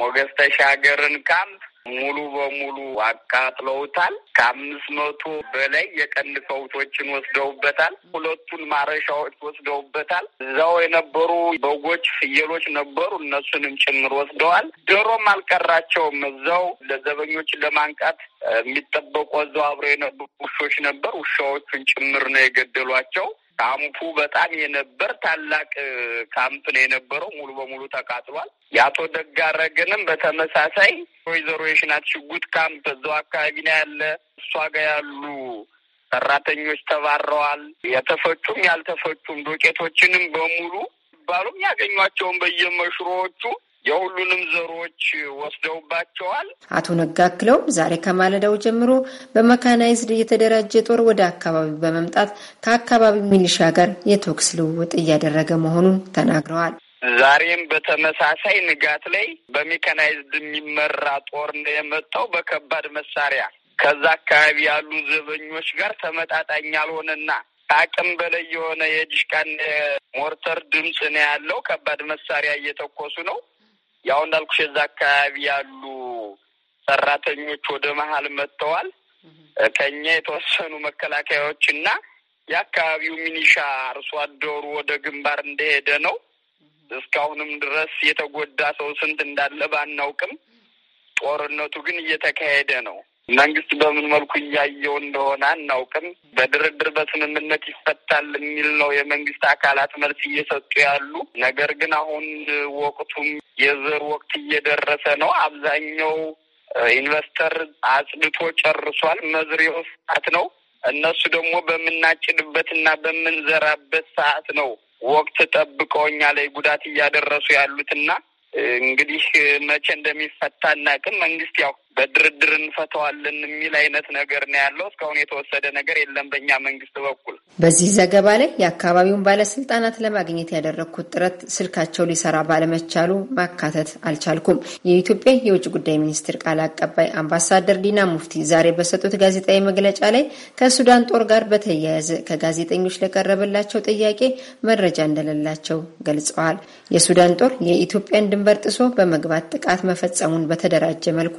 ሞገስ ተሻገርን ካምፕ ሙሉ በሙሉ አቃጥለውታል። ከአምስት መቶ በላይ የቀን ፈውቶችን ወስደውበታል። ሁለቱን ማረሻዎች ወስደውበታል። እዛው የነበሩ በጎች፣ ፍየሎች ነበሩ። እነሱንም ጭምር ወስደዋል። ዶሮም አልቀራቸውም። እዛው ለዘበኞች ለማንቃት የሚጠበቁ እዛው አብረው የነበሩ ውሾች ነበር። ውሻዎቹን ጭምር ነው የገደሏቸው። ካምፑ በጣም የነበር ታላቅ ካምፕ ነው የነበረው። ሙሉ በሙሉ ተቃጥሏል። የአቶ ደጋረግንም በተመሳሳይ ወይዘሮ የሽናት ሽጉጥ ካምፕ እዛው አካባቢ ነው ያለ። እሷ ጋ ያሉ ሰራተኞች ተባረዋል። የተፈጩም ያልተፈጩም ዶቄቶችንም በሙሉ ባሉም ያገኟቸውን በየመሽሮዎቹ የሁሉንም ዘሮች ወስደውባቸዋል። አቶ ነጋ አክለውም ዛሬ ከማለዳው ጀምሮ በመካናይዝድ የተደራጀ ጦር ወደ አካባቢው በመምጣት ከአካባቢው ሚሊሻ ጋር የተኩስ ልውውጥ እያደረገ መሆኑን ተናግረዋል። ዛሬም በተመሳሳይ ንጋት ላይ በሜካናይዝድ የሚመራ ጦር የመጣው በከባድ መሳሪያ ከዛ አካባቢ ያሉ ዘበኞች ጋር ተመጣጣኝ ያልሆነና አቅም በላይ የሆነ የድሽቃን ሞርተር ድምፅ ነው ያለው። ከባድ መሳሪያ እየተኮሱ ነው። ያው እንዳልኩሽ እዛ አካባቢ ያሉ ሰራተኞች ወደ መሀል መጥተዋል። ከኛ የተወሰኑ መከላከያዎች እና የአካባቢው ሚኒሻ አርሶ አደሩ ወደ ግንባር እንደሄደ ነው። እስካሁንም ድረስ የተጎዳ ሰው ስንት እንዳለ ባናውቅም ጦርነቱ ግን እየተካሄደ ነው። መንግስት በምን መልኩ እያየው እንደሆነ አናውቅም። በድርድር በስምምነት ይፈታል የሚል ነው የመንግስት አካላት መልስ እየሰጡ ያሉ። ነገር ግን አሁን ወቅቱም የዘር ወቅት እየደረሰ ነው። አብዛኛው ኢንቨስተር አጽድቶ ጨርሷል። መዝሪያው ሰዓት ነው። እነሱ ደግሞ በምናጭድበትና በምንዘራበት ሰዓት ነው ወቅት ጠብቀው እኛ ላይ ጉዳት እያደረሱ ያሉትና እንግዲህ መቼ እንደሚፈታ እናቅም። መንግስት ያው በድርድር እንፈተዋለን የሚል አይነት ነገር ነው ያለው። እስካሁን የተወሰደ ነገር የለም በእኛ መንግስት በኩል። በዚህ ዘገባ ላይ የአካባቢውን ባለስልጣናት ለማግኘት ያደረግኩት ጥረት ስልካቸው ሊሰራ ባለመቻሉ ማካተት አልቻልኩም። የኢትዮጵያ የውጭ ጉዳይ ሚኒስትር ቃል አቀባይ አምባሳደር ዲና ሙፍቲ ዛሬ በሰጡት ጋዜጣዊ መግለጫ ላይ ከሱዳን ጦር ጋር በተያያዘ ከጋዜጠኞች ለቀረበላቸው ጥያቄ መረጃ እንደሌላቸው ገልጸዋል። የሱዳን ጦር የኢትዮጵያን ድንበር ጥሶ በመግባት ጥቃት መፈጸሙን በተደራጀ መልኩ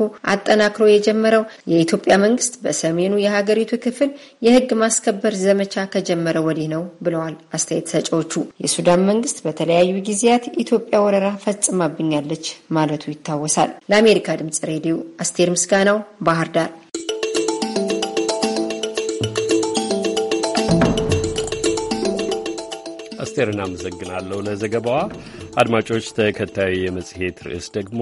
አጠናክሮ የጀመረው የኢትዮጵያ መንግስት በሰሜኑ የሀገሪቱ ክፍል የህግ ማስከበር ዘመቻ ከጀመረ ወዲህ ነው ብለዋል አስተያየት ሰጪዎቹ። የሱዳን መንግስት በተለያዩ ጊዜያት ኢትዮጵያ ወረራ ፈጽማብኛለች ማለቱ ይታወሳል። ለአሜሪካ ድምጽ ሬዲዮ አስቴር ምስጋናው ባህር ዳር ኤስቴርን አመሰግናለሁ ለዘገባዋ። አድማጮች፣ ተከታዩ የመጽሔት ርዕስ ደግሞ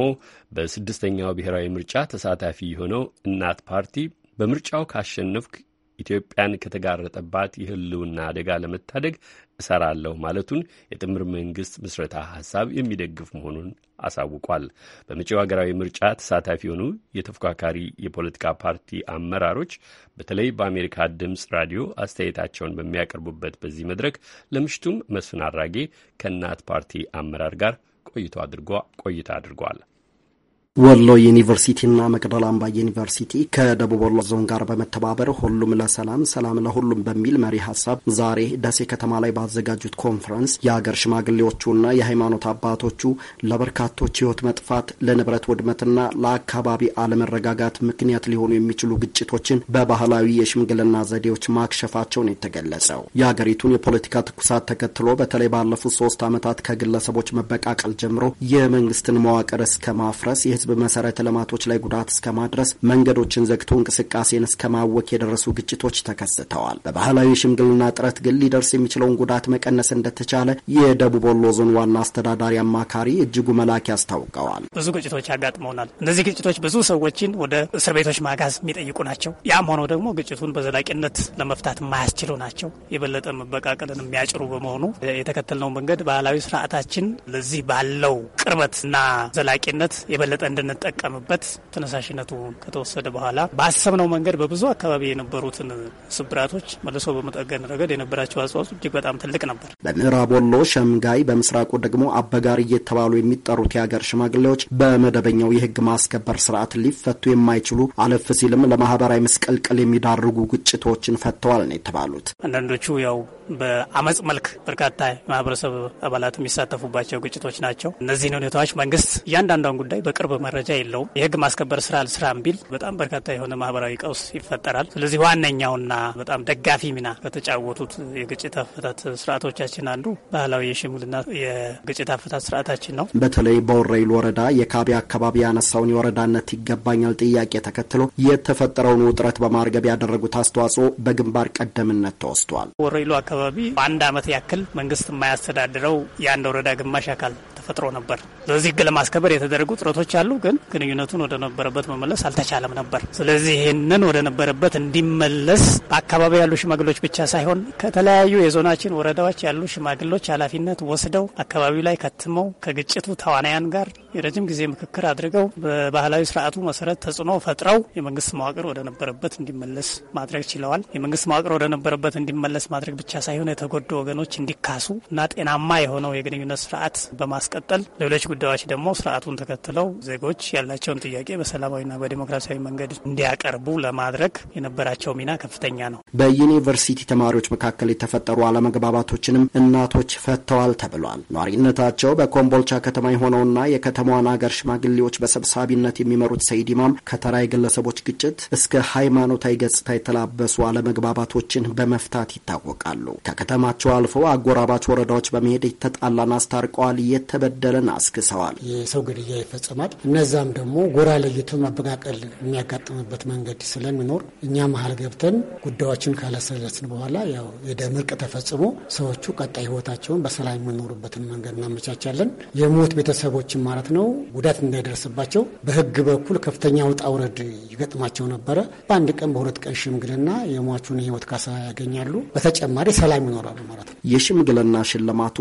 በስድስተኛው ብሔራዊ ምርጫ ተሳታፊ የሆነው እናት ፓርቲ በምርጫው ካሸነፍክ ኢትዮጵያን ከተጋረጠባት የህልውና አደጋ ለመታደግ እሰራለሁ ማለቱን የጥምር መንግስት ምስረታ ሀሳብ የሚደግፍ መሆኑን አሳውቋል። በመጪው ሀገራዊ ምርጫ ተሳታፊ የሆኑ የተፎካካሪ የፖለቲካ ፓርቲ አመራሮች በተለይ በአሜሪካ ድምፅ ራዲዮ አስተያየታቸውን በሚያቀርቡበት በዚህ መድረክ ለምሽቱም መስፍን አራጌ ከእናት ፓርቲ አመራር ጋር ቆይታ አድርጓል። ወሎ ዩኒቨርሲቲና መቅደላ አምባ ዩኒቨርሲቲ ከደቡብ ወሎ ዞን ጋር በመተባበር ሁሉም ለሰላም ሰላም ለሁሉም በሚል መሪ ሀሳብ ዛሬ ደሴ ከተማ ላይ ባዘጋጁት ኮንፈረንስ የአገር ሽማግሌዎቹና የሃይማኖት አባቶቹ ለበርካቶች ህይወት መጥፋት ለንብረት ውድመትና ለአካባቢ አለመረጋጋት ምክንያት ሊሆኑ የሚችሉ ግጭቶችን በባህላዊ የሽምግልና ዘዴዎች ማክሸፋቸውን የተገለጸው የአገሪቱን የፖለቲካ ትኩሳት ተከትሎ በተለይ ባለፉት ሶስት ዓመታት ከግለሰቦች መበቃቀል ጀምሮ የመንግስትን መዋቅር እስከ ማፍረስ የህዝብ መሰረተ ልማቶች ላይ ጉዳት እስከ ማድረስ፣ መንገዶችን ዘግቶ እንቅስቃሴን እስከ ማወክ የደረሱ ግጭቶች ተከስተዋል። በባህላዊ ሽምግልና ጥረት ግን ሊደርስ የሚችለውን ጉዳት መቀነስ እንደተቻለ የደቡብ ወሎ ዞን ዋና አስተዳዳሪ አማካሪ እጅጉ መላክ ያስታውቀዋል። ብዙ ግጭቶች ያጋጥመውናል። እነዚህ ግጭቶች ብዙ ሰዎችን ወደ እስር ቤቶች ማጋዝ የሚጠይቁ ናቸው። ያም ሆኖ ደግሞ ግጭቱን በዘላቂነት ለመፍታት የማያስችሉ ናቸው። የበለጠ መበቃቀልን የሚያጭሩ በመሆኑ የተከተልነው መንገድ ባህላዊ ስርዓታችን ለዚህ ባለው ቅርበትና ዘላቂነት የበለጠ እንድንጠቀምበት ተነሳሽነቱ ከተወሰደ በኋላ ባሰብነው መንገድ በብዙ አካባቢ የነበሩትን ስብራቶች መልሶ በመጠገን ረገድ የነበራቸው አስተዋጽኦ እጅግ በጣም ትልቅ ነበር። በምዕራብ ወሎ ሸምጋይ፣ በምስራቁ ደግሞ አበጋሪ እየተባሉ የሚጠሩት የሀገር ሽማግሌዎች በመደበኛው የህግ ማስከበር ስርዓት ሊፈቱ የማይችሉ አለፍ ሲልም ለማህበራዊ መስቀልቀል የሚዳርጉ ግጭቶችን ፈተዋል ነው የተባሉት። አንዳንዶቹ ያው በአመፅ መልክ በርካታ የማህበረሰብ አባላት የሚሳተፉባቸው ግጭቶች ናቸው። እነዚህን ሁኔታዎች መንግስት እያንዳንዷን ጉዳይ በቅርብ መረጃ የለውም። የህግ ማስከበር ስራ አልስራም ቢል በጣም በርካታ የሆነ ማህበራዊ ቀውስ ይፈጠራል። ስለዚህ ዋነኛውና በጣም ደጋፊ ሚና ከተጫወቱት የግጭት አፈታት ስርዓቶቻችን አንዱ ባህላዊ የሽምግልና የግጭት አፈታት ስርዓታችን ነው። በተለይ በወረይሉ ወረዳ የካቢ አካባቢ ያነሳውን የወረዳነት ይገባኛል ጥያቄ ተከትሎ የተፈጠረውን ውጥረት በማርገብ ያደረጉት አስተዋጽኦ በግንባር ቀደምነት ተወስቷል። ወረይሉ አካባቢ አንድ ዓመት ያክል መንግስት የማያስተዳድረው የአንድ ወረዳ ግማሽ አካል ተፈጥሮ ነበር። ስለዚህ ህግ ለማስከበር የተደረጉ ጥረቶች አሉ፣ ግን ግንኙነቱን ወደ ነበረበት መመለስ አልተቻለም ነበር። ስለዚህ ይህንን ወደ ነበረበት እንዲመለስ በአካባቢ ያሉ ሽማግሎች ብቻ ሳይሆን ከተለያዩ የዞናችን ወረዳዎች ያሉ ሽማግሎች ኃላፊነት ወስደው አካባቢው ላይ ከትመው ከግጭቱ ተዋናያን ጋር የረጅም ጊዜ ምክክር አድርገው በባህላዊ ስርዓቱ መሰረት ተጽዕኖ ፈጥረው የመንግስት መዋቅር ወደ ነበረበት እንዲመለስ ማድረግ ችለዋል። የመንግስት መዋቅር ወደ ነበረበት እንዲመለስ ማድረግ ብቻ ሳይሆን የተጎዱ ወገኖች እንዲካሱ እና ጤናማ የሆነው የግንኙነት ስርዓት በማስቀ በማስቀጠል ሌሎች ጉዳዮች ደግሞ ስርዓቱን ተከትለው ዜጎች ያላቸውን ጥያቄ በሰላማዊና በዲሞክራሲያዊ መንገድ እንዲያቀርቡ ለማድረግ የነበራቸው ሚና ከፍተኛ ነው። በዩኒቨርሲቲ ተማሪዎች መካከል የተፈጠሩ አለመግባባቶችንም እናቶች ፈተዋል ተብሏል። ነዋሪነታቸው በኮምቦልቻ ከተማ የሆነውና የከተማዋን አገር ሽማግሌዎች በሰብሳቢነት የሚመሩት ሰይድ ኢማም ከተራይ ግለሰቦች ግጭት እስከ ሃይማኖታዊ ገጽታ የተላበሱ አለመግባባቶችን በመፍታት ይታወቃሉ። ከከተማቸው አልፈው አጎራባች ወረዳዎች በመሄድ የተጣላን አስታርቀዋል የተበ የበደለን አስክሰዋል። የሰው ግድያ ይፈጸማል። እነዛም ደግሞ ጎራ ለይቶ ማበቃቀል የሚያጋጥምበት መንገድ ስለሚኖር እኛ መሀል ገብተን ጉዳዮችን ካላሰለስን በኋላ ያው የደም እርቅ ተፈጽሞ ሰዎቹ ቀጣይ ህይወታቸውን በሰላም የሚኖሩበትን መንገድ እናመቻቻለን። የሞት ቤተሰቦችን ማለት ነው ጉዳት እንዳይደርስባቸው በህግ በኩል ከፍተኛ ውጣ ውረድ ይገጥማቸው ነበረ። በአንድ ቀን በሁለት ቀን ሽምግልና የሟቹን ህይወት ካሳ ያገኛሉ። በተጨማሪ ሰላም ይኖራሉ ማለት ነው። የሽምግልና ሽልማቱ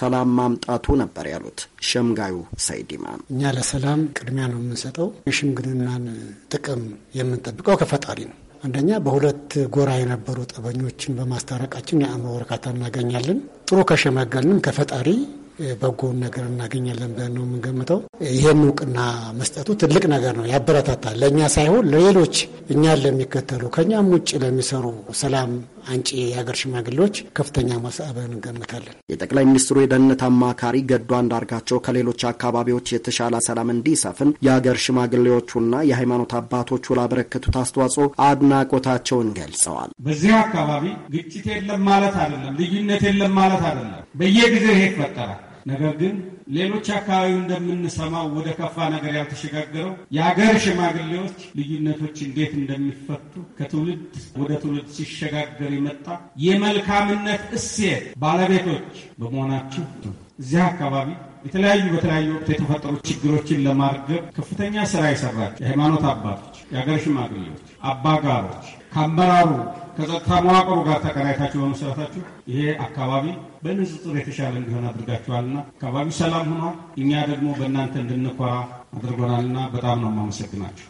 ሰላም ማምጣቱ ነበር ያሉት የሚናገሩት ሸምጋዩ ሰይድ ኢማም። እኛ ለሰላም ቅድሚያ ነው የምንሰጠው። የሽምግልናን ጥቅም የምንጠብቀው ከፈጣሪ ነው። አንደኛ በሁለት ጎራ የነበሩ ጠበኞችን በማስታረቃችን የአእምሮ እርካታ እናገኛለን። ጥሩ ከሸመገልንም ከፈጣሪ በጎን ነገር እናገኛለን ብለን ነው የምንገምተው። ይህን እውቅና መስጠቱ ትልቅ ነገር ነው፣ ያበረታታል። ለእኛ ሳይሆን ለሌሎች እኛን ለሚከተሉ ከእኛም ውጭ ለሚሰሩ ሰላም አንጪ የሀገር ሽማግሌዎች ከፍተኛ መሳብን እንገምታለን። የጠቅላይ ሚኒስትሩ የደህንነት አማካሪ ገዱ አንዳርጋቸው ከሌሎች አካባቢዎች የተሻለ ሰላም እንዲሰፍን የሀገር ሽማግሌዎቹና የሃይማኖት አባቶቹ ላበረከቱት አስተዋጽኦ አድናቆታቸውን ገልጸዋል። በዚህ አካባቢ ግጭት የለም ማለት አይደለም፣ ልዩነት የለም ማለት አይደለም። በየጊዜው ይሄ ይፈጠራል። ነገር ግን ሌሎች አካባቢ እንደምንሰማው ወደ ከፋ ነገር ያልተሸጋገረው የሀገር ሽማግሌዎች ልዩነቶች እንዴት እንደሚፈቱ ከትውልድ ወደ ትውልድ ሲሸጋገር የመጣ የመልካምነት እሴት ባለቤቶች በመሆናችሁ እዚያ አካባቢ የተለያዩ በተለያዩ ወቅት የተፈጠሩ ችግሮችን ለማርገብ ከፍተኛ ስራ የሰራቸው የሃይማኖት አባቶች፣ የሀገር ሽማግሌዎች፣ አባጋሮች ከአመራሩ ከጸጥታ መዋቅሩ ጋር ተቀናይታችሁ በመስራታችሁ ይሄ አካባቢ በንጽጽር የተሻለ እንዲሆን አድርጋችኋልና አካባቢው ሰላም ሆኗል። እኛ ደግሞ በእናንተ እንድንኮራ አድርጎናልና በጣም ነው የማመሰግናችሁ።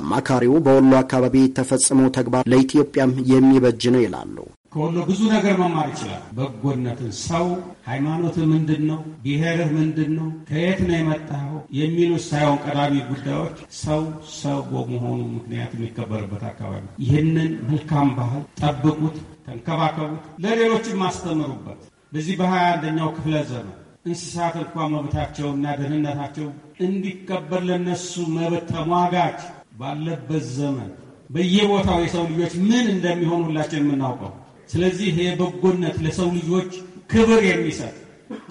አማካሪው በወሎ አካባቢ የተፈጸመው ተግባር ለኢትዮጵያም የሚበጅ ነው ይላሉ። ከወሎ ብዙ ነገር መማር ይችላል። በጎነትን፣ ሰው ሃይማኖትህ ምንድን ነው፣ ብሔርህ ምንድን ነው፣ ከየት ነው የመጣኸው የሚሉ ሳይሆን ቀዳሚ ጉዳዮች ሰው ሰው በመሆኑ ምክንያት የሚከበርበት አካባቢ። ይህንን መልካም ባህል ጠብቁት፣ ተንከባከቡት፣ ለሌሎችም አስተምሩበት። በዚህ በሀያ አንደኛው ክፍለ ዘመን እንስሳት እንኳ መብታቸውና ደህንነታቸው እንዲከበር ለነሱ መብት ተሟጋች ባለበት ዘመን በየቦታው የሰው ልጆች ምን እንደሚሆኑ ሁላችን የምናውቀው ስለዚህ ይሄ በጎነት ለሰው ልጆች ክብር የሚሰጥ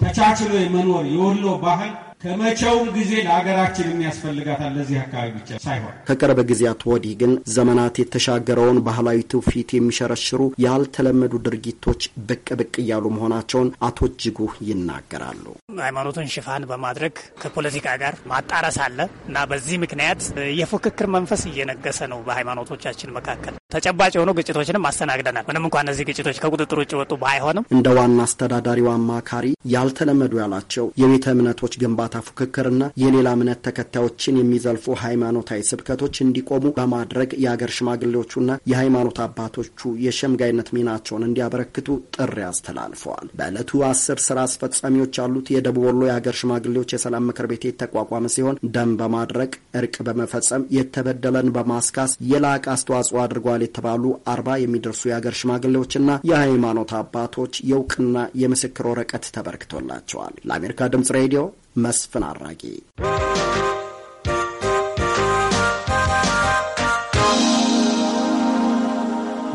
ተቻችሎ የመኖር የወሎ ባህል ከመቼውም ጊዜ ለሀገራችን የሚያስፈልጋታል ለዚህ አካባቢ ብቻ ሳይሆን ከቅርብ ጊዜያት ወዲህ ግን ዘመናት የተሻገረውን ባህላዊ ትውፊት የሚሸረሽሩ ያልተለመዱ ድርጊቶች ብቅ ብቅ እያሉ መሆናቸውን አቶ እጅጉ ይናገራሉ። ሃይማኖቱን ሽፋን በማድረግ ከፖለቲካ ጋር ማጣረስ አለ እና በዚህ ምክንያት የፉክክር መንፈስ እየነገሰ ነው በሃይማኖቶቻችን መካከል። ተጨባጭ የሆኑ ግጭቶችንም አስተናግደናል። ምንም እንኳን እነዚህ ግጭቶች ከቁጥጥር ውጭ ወጡ ባይሆንም እንደ ዋና አስተዳዳሪው አማካሪ ያልተለመዱ ያላቸው የቤተ እምነቶች ግንባታ የፍላጻ ፉክክርና የሌላ እምነት ተከታዮችን የሚዘልፉ ሃይማኖታዊ ስብከቶች እንዲቆሙ በማድረግ የአገር ሽማግሌዎቹና የሃይማኖት አባቶቹ የሸምጋይነት ሚናቸውን እንዲያበረክቱ ጥሪ አስተላልፈዋል። በዕለቱ አስር ስራ አስፈጻሚዎች ያሉት የደቡብ ወሎ የአገር ሽማግሌዎች የሰላም ምክር ቤት የተቋቋመ ሲሆን ደም በማድረግ እርቅ በመፈጸም የተበደለን በማስካስ የላቅ አስተዋጽኦ አድርጓል የተባሉ አርባ የሚደርሱ የአገር ሽማግሌዎችና የሃይማኖት አባቶች የእውቅና የምስክር ወረቀት ተበርክቶላቸዋል። ለአሜሪካ ድምጽ ሬዲዮ መስፍን አራጊ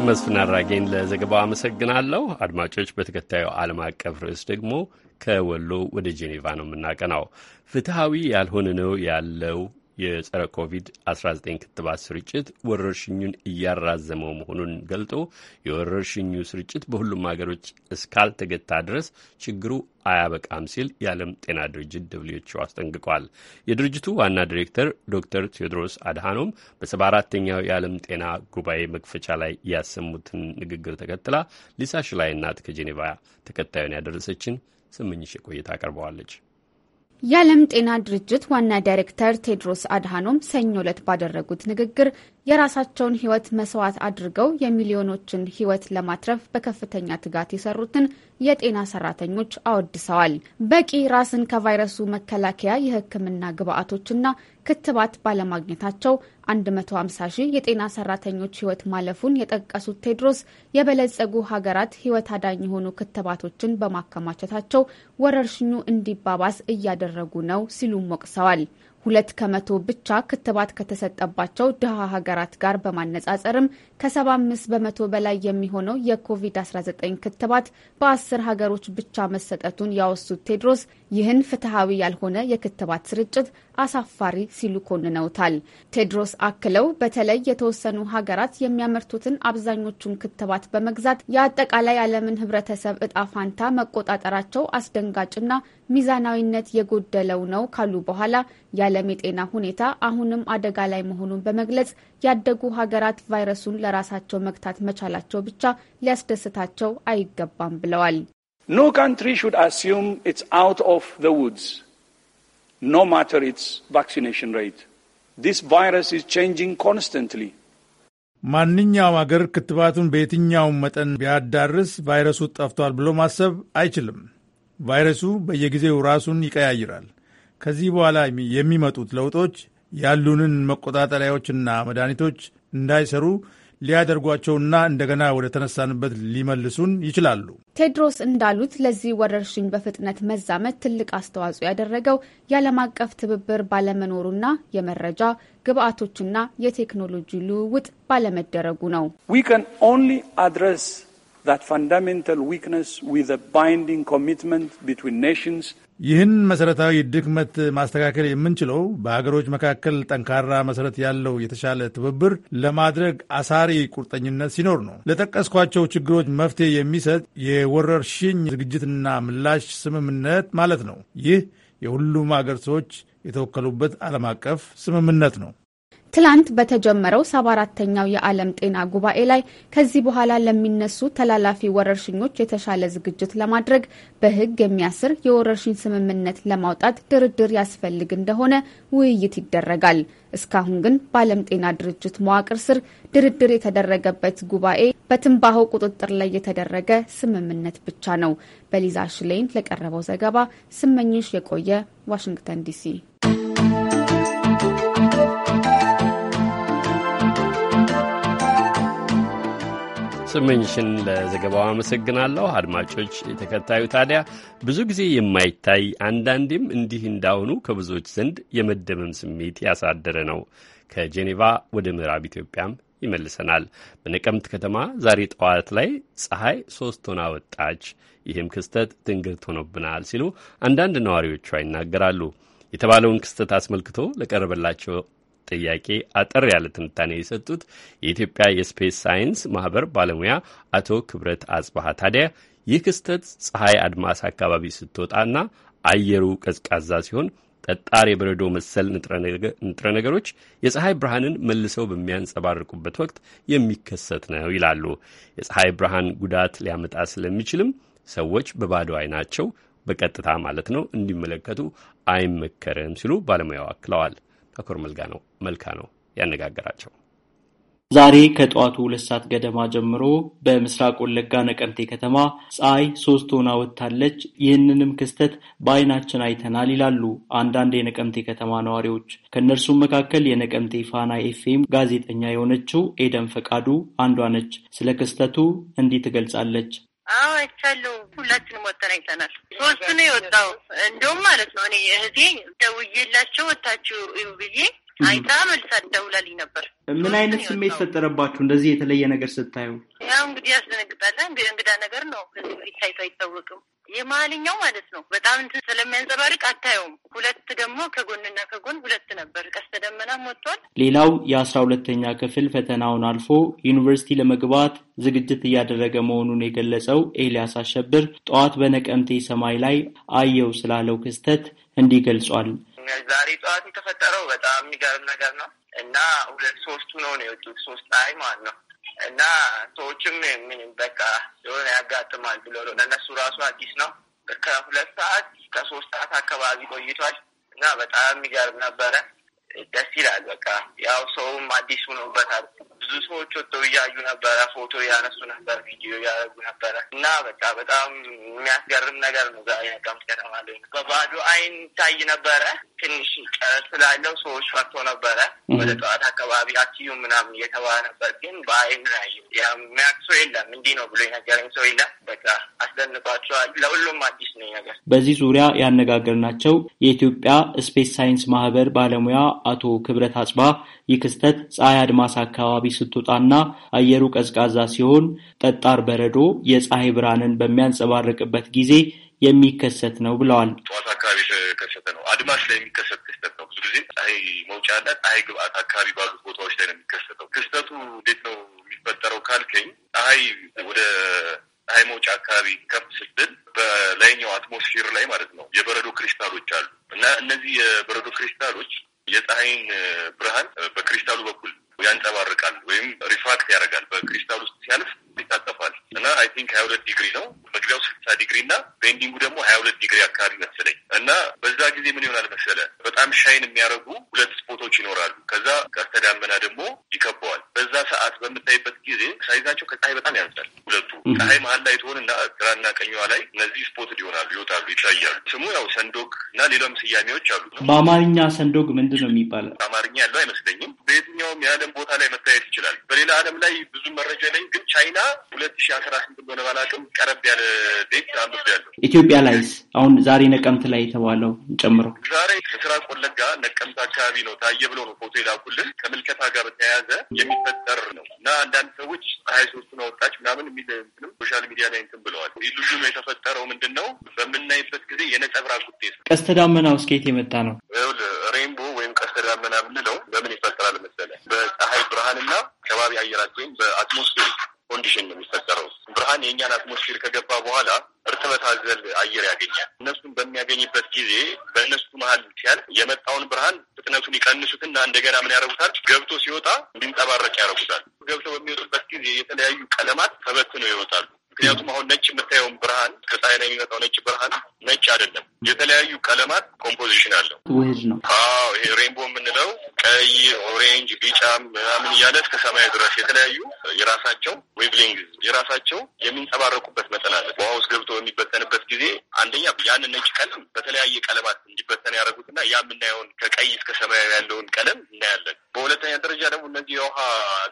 መስፍን አራጌን ለዘገባው አመሰግናለሁ። አድማጮች፣ በተከታዩ ዓለም አቀፍ ርዕስ ደግሞ ከወሎ ወደ ጄኔቫ ነው የምናቀናው። ፍትሐዊ ያልሆነ ነው ያለው የጸረ ኮቪድ-19 ክትባት ስርጭት ወረርሽኙን እያራዘመው መሆኑን ገልጦ የወረርሽኙ ስርጭት በሁሉም ሀገሮች እስካልተገታ ድረስ ችግሩ አያበቃም ሲል የዓለም ጤና ድርጅት ደብልዩኤችኦ አስጠንቅቋል። የድርጅቱ ዋና ዲሬክተር ዶክተር ቴዎድሮስ አድሃኖም በሰባ አራተኛው የዓለም ጤና ጉባኤ መክፈቻ ላይ ያሰሙትን ንግግር ተከትላ ሊሳ ሽላይናት ከጄኔቫ ተከታዩን ያደረሰችን ስምኝሽ ቆይታ አቀርበዋለች። የዓለም ጤና ድርጅት ዋና ዳይሬክተር ቴድሮስ አድሃኖም ሰኞ ዕለት ባደረጉት ንግግር የራሳቸውን ሕይወት መስዋዕት አድርገው የሚሊዮኖችን ሕይወት ለማትረፍ በከፍተኛ ትጋት የሰሩትን የጤና ሰራተኞች አወድሰዋል። በቂ ራስን ከቫይረሱ መከላከያ የህክምና ግብአቶችና ክትባት ባለማግኘታቸው 150 ሺህ የጤና ሰራተኞች ሕይወት ማለፉን የጠቀሱት ቴድሮስ የበለጸጉ ሀገራት ሕይወት አዳኝ የሆኑ ክትባቶችን በማከማቸታቸው ወረርሽኙ እንዲባባስ እያደረጉ ነው ሲሉም ወቅሰዋል። ሁለት ከመቶ ብቻ ክትባት ከተሰጠባቸው ድሃ ሀገራት ጋር በማነጻጸርም ከ75 በመቶ በላይ የሚሆነው የኮቪድ-19 ክትባት በአስር ሀገሮች ብቻ መሰጠቱን ያወሱት ቴድሮስ ይህን ፍትሐዊ ያልሆነ የክትባት ስርጭት አሳፋሪ ሲሉ ኮንነውታል። ቴድሮስ አክለው በተለይ የተወሰኑ ሀገራት የሚያመርቱትን አብዛኞቹን ክትባት በመግዛት የአጠቃላይ ዓለምን ህብረተሰብ እጣ ፋንታ መቆጣጠራቸው አስደንጋጭና ሚዛናዊነት የጎደለው ነው ካሉ በኋላ የዓለም የጤና ሁኔታ አሁንም አደጋ ላይ መሆኑን በመግለጽ ያደጉ ሀገራት ቫይረሱን ለራሳቸው መግታት መቻላቸው ብቻ ሊያስደስታቸው አይገባም ብለዋል። ኖ ካንትሪ ሹድ አሱም ኢትስ አውት ኦፍ ዘ ውድስ no matter its vaccination rate. This virus is changing constantly. ማንኛውም አገር ክትባቱን በየትኛውም መጠን ቢያዳርስ ቫይረሱ ጠፍቷል ብሎ ማሰብ አይችልም። ቫይረሱ በየጊዜው ራሱን ይቀያይራል። ከዚህ በኋላ የሚመጡት ለውጦች ያሉንን መቆጣጠሪያዎችና መድኃኒቶች እንዳይሰሩ ሊያደርጓቸውና እንደገና ወደ ተነሳንበት ሊመልሱን ይችላሉ። ቴድሮስ እንዳሉት ለዚህ ወረርሽኝ በፍጥነት መዛመት ትልቅ አስተዋጽኦ ያደረገው የዓለም አቀፍ ትብብር ባለመኖሩና የመረጃ ግብአቶችና የቴክኖሎጂ ልውውጥ ባለመደረጉ ነው። ፋንዳሜንታል ዊክነስ ዊዝ ባይንዲንግ ኮሚትመንት ቢትዊን ኔሽንስ ይህን መሰረታዊ ድክመት ማስተካከል የምንችለው በሀገሮች መካከል ጠንካራ መሰረት ያለው የተሻለ ትብብር ለማድረግ አሳሪ ቁርጠኝነት ሲኖር ነው። ለጠቀስኳቸው ችግሮች መፍትሄ የሚሰጥ የወረርሽኝ ዝግጅትና ምላሽ ስምምነት ማለት ነው። ይህ የሁሉም አገር ሰዎች የተወከሉበት ዓለም አቀፍ ስምምነት ነው። ትላንት በተጀመረው ሰባ አራተኛው የዓለም ጤና ጉባኤ ላይ ከዚህ በኋላ ለሚነሱ ተላላፊ ወረርሽኞች የተሻለ ዝግጅት ለማድረግ በሕግ የሚያስር የወረርሽኝ ስምምነት ለማውጣት ድርድር ያስፈልግ እንደሆነ ውይይት ይደረጋል። እስካሁን ግን በዓለም ጤና ድርጅት መዋቅር ስር ድርድር የተደረገበት ጉባኤ በትንባሆ ቁጥጥር ላይ የተደረገ ስምምነት ብቻ ነው። በሊዛ ሽሌን ለቀረበው ዘገባ ስመኝሽ የቆየ ዋሽንግተን ዲሲ ስምንሽን ለዘገባው አመሰግናለሁ። አድማጮች፣ ተከታዩ ታዲያ ብዙ ጊዜ የማይታይ አንዳንዴም እንዲህ እንዳሁኑ ከብዙዎች ዘንድ የመደመም ስሜት ያሳደረ ነው። ከጄኔቫ ወደ ምዕራብ ኢትዮጵያም ይመልሰናል። በነቀምት ከተማ ዛሬ ጠዋት ላይ ፀሐይ ሶስት ሆና ወጣች፣ ይህም ክስተት ትንግርት ሆኖብናል ሲሉ አንዳንድ ነዋሪዎቿ ይናገራሉ። የተባለውን ክስተት አስመልክቶ ለቀረበላቸው ጥያቄ አጠር ያለ ትንታኔ የሰጡት የኢትዮጵያ የስፔስ ሳይንስ ማህበር ባለሙያ አቶ ክብረት አጽባሀ ታዲያ ይህ ክስተት ፀሐይ አድማስ አካባቢ ስትወጣና አየሩ ቀዝቃዛ ሲሆን ጠጣር የበረዶ መሰል ንጥረ ነገሮች የፀሐይ ብርሃንን መልሰው በሚያንጸባርቁበት ወቅት የሚከሰት ነው ይላሉ። የፀሐይ ብርሃን ጉዳት ሊያመጣ ስለሚችልም ሰዎች በባዶ አይናቸው በቀጥታ ማለት ነው እንዲመለከቱ አይመከርም ሲሉ ባለሙያው አክለዋል። ነው መልካ ነው ያነጋገራቸው። ዛሬ ከጠዋቱ ሁለት ሰዓት ገደማ ጀምሮ በምስራቅ ወለጋ ነቀምቴ ከተማ ፀሐይ ሶስት ሆና ወጥታለች። ይህንንም ክስተት በአይናችን አይተናል ይላሉ አንዳንድ የነቀምቴ ከተማ ነዋሪዎች። ከእነርሱም መካከል የነቀምቴ ፋና ኤፍኤም ጋዜጠኛ የሆነችው ኤደን ፈቃዱ አንዷ ነች። ስለ ክስተቱ እንዲህ ትገልጻለች። አዎ አይቻለሁ። ሁላችንም ወጥተን አይተናል። ነው የወጣው። እንደውም ማለት ነው እኔ እህቴ ደውዬላቸው ወታችሁ ብዬ አይታ መልሳ ደውላልኝ ነበር። ምን አይነት ስሜት ፈጠረባችሁ እንደዚህ የተለየ ነገር ስታዩ? ያው እንግዲህ ያስደነግጣል። እንግዳ ነገር ነው። ከዚህ በፊት ታይቶ አይታወቅም። የመሀልኛው ማለት ነው በጣም እንትን ስለሚያንጸባርቅ አታየውም። ሁለት ደግሞ ከጎንና ከጎን ሁለት ነበር። ቀስተ ደመናም ወጥቷል። ሌላው የአስራ ሁለተኛ ክፍል ፈተናውን አልፎ ዩኒቨርሲቲ ለመግባት ዝግጅት እያደረገ መሆኑን የገለጸው ኤልያስ አሸብር ጠዋት በነቀምቴ ሰማይ ላይ አየው ስላለው ክስተት እንዲህ ገልጿል። ዛሬ ጠዋት የተፈጠረው በጣም የሚገርም ነገር ነው እና ሁለት ሶስቱ ነው ነው የወጡት ሶስት ላይ ማለት ነው እና ሰዎችም ምንም በቃ የሆነ ያጋጥማል ብሎ ነው ለእነሱ ራሱ አዲስ ነው። ከሁለት ሰዓት ከሶስት ሰዓት አካባቢ ቆይቷል እና በጣም የሚገርም ነበረ። ደስ ይላል። በቃ ያው ሰውም አዲስ ሆኖበታል። ብዙ ሰዎች ወጥተው እያዩ ነበረ፣ ፎቶ እያነሱ ነበር፣ ቪዲዮ እያደረጉ ነበረ እና በቃ በጣም የሚያስገርም ነገር ነው። ዛሬ ነቀምት ከተማ ላይ በባዶ አይን ታይ ነበረ። ትንሽ ጨረር ስላለው ሰዎች ፈርቶ ነበረ። ወደ ጠዋት አካባቢ አትዩ ምናምን እየተባለ ነበር፣ ግን በአይን ላይ የሚያውቅ ሰው የለም። እንዲህ ነው ብሎ የነገረኝ ሰው የለም። በቃ አስደንቋቸዋል። ለሁሉም አዲስ ነው ነገር። በዚህ ዙሪያ ያነጋገርናቸው የኢትዮጵያ ስፔስ ሳይንስ ማህበር ባለሙያ አቶ ክብረት አጽባ ይህ ክስተት ፀሐይ አድማስ አካባቢ ስትወጣና አየሩ ቀዝቃዛ ሲሆን ጠጣር በረዶ የፀሐይ ብርሃንን በሚያንጸባርቅበት ጊዜ የሚከሰት ነው ብለዋል። ጠዋት አካባቢ የተከሰተ ነው። አድማስ ላይ የሚከሰት ክስተት ነው። ብዙ ጊዜ ፀሐይ መውጫና ፀሐይ ግብአት አካባቢ ባሉት ቦታዎች ላይ ነው የሚከሰተው። ክስተቱ እንዴት ነው የሚፈጠረው ካልከኝ ፀሐይ ወደ ፀሐይ መውጫ አካባቢ ከፍ ስትል በላይኛው አትሞስፌር ላይ ማለት ነው የበረዶ ክሪስታሎች አሉ እና እነዚህ የበረዶ ክሪስታሎች የፀሐይን ብርሃን በክሪስታሉ በኩል ያንጸባርቃል ወይም ሪፍራክት ያደርጋል በክሪስታል ውስጥ ሲያልፍ ይታጠፋል እና አይ ቲንክ ሀያ ሁለት ዲግሪ ነው መግቢያው ስልሳ ዲግሪ እና ቤንዲንጉ ደግሞ ሀያ ሁለት ዲግሪ አካባቢ መሰለኝ እና በዛ ጊዜ ምን ይሆናል መሰለ በጣም ሻይን የሚያደርጉ ሁለት ስፖቶች ይኖራሉ። ከዛ ቀስተ ደመና ደግሞ ይከበዋል። በዛ ሰዓት በምታይበት ጊዜ ሳይዛቸው ከፀሐይ በጣም ያንሳል። ሁለቱ ፀሐይ መሀል ላይ ትሆን እና ግራና ቀኛዋ ላይ እነዚህ ስፖት ሊሆናሉ ይወጣሉ፣ ይታያሉ። ስሙ ያው ሰንዶግ እና ሌላም ስያሜዎች አሉ። በአማርኛ ሰንዶግ ምንድን ነው የሚባለው? በአማርኛ ያለው አይመስለኝም ቤት በየትኛውም የዓለም ቦታ ላይ መታየት ይችላል። በሌላ ዓለም ላይ ብዙ መረጃ ላይ ግን ቻይና ሁለት ሺ አስራ ስንት እንደሆነ ባላቅም ቀረብ ያለ ቤት አንብብ ያለው ኢትዮጵያ ላይስ አሁን ዛሬ ነቀምት ላይ የተባለው ጨምሮ ዛሬ ከስራ ቆለጋ ነቀምት አካባቢ ነው ታየ ብሎ ነው ፎቶ የላኩልን ከምልከታ ጋር በተያያዘ የሚፈጠር ነው እና አንዳንድ ሰዎች ፀሐይ ነው ወጣች ምናምን የሚል እንትንም ሶሻል ሚዲያ ላይ እንትን ብለዋል። ነው የተፈጠረው ምንድን ነው? በምናይበት ጊዜ የነጸብራቅ ውጤት ቀስተ ደመናው እስከ የት የመጣ ነው? ሬንቦ ወይ ቀስተ ደመና የምንለው በምን ይፈጠራል መሰለህ? በፀሐይ ብርሃንና ከባቢ አየራችን በአትሞስፌር ኮንዲሽን ነው የሚፈጠረው። ብርሃን የእኛን አትሞስፌር ከገባ በኋላ እርጥበት አዘል አየር ያገኛል። እነሱን በሚያገኝበት ጊዜ በእነሱ መሀል ሲያል የመጣውን ብርሃን ፍጥነቱን ይቀንሱትና እንደገና ምን ያደርጉታል? ገብቶ ሲወጣ እንዲንጸባረቅ ያደርጉታል። ገብተው በሚወጡበት ጊዜ የተለያዩ ቀለማት ተበትነው ይወጣሉ። ምክንያቱም አሁን ነጭ የምታየውን ብርሃን ከፀሐይ ላይ የሚመጣው ነጭ ብርሃን ነጭ አይደለም። የተለያዩ ቀለማት ኮምፖዚሽን አለው ውህድ ነው። አዎ ይሄ ሬንቦ የምንለው ቀይ፣ ኦሬንጅ፣ ቢጫ ምናምን እያለ እስከ ሰማይ ድረስ የተለያዩ የራሳቸው ዌቭሊንግ የራሳቸው የሚንጸባረቁበት መጠን አለ። ውሃ ውስጥ ገብቶ በሚበተንበት ጊዜ አንደኛ ያንን ነጭ ቀለም በተለያየ ቀለማት እንዲበተን ያደረጉትና ያ የምናየውን ከቀይ እስከ ሰማያዊ ያለውን ቀለም እናያለን። በሁለተኛ ደረጃ ደግሞ እነዚህ የውሃ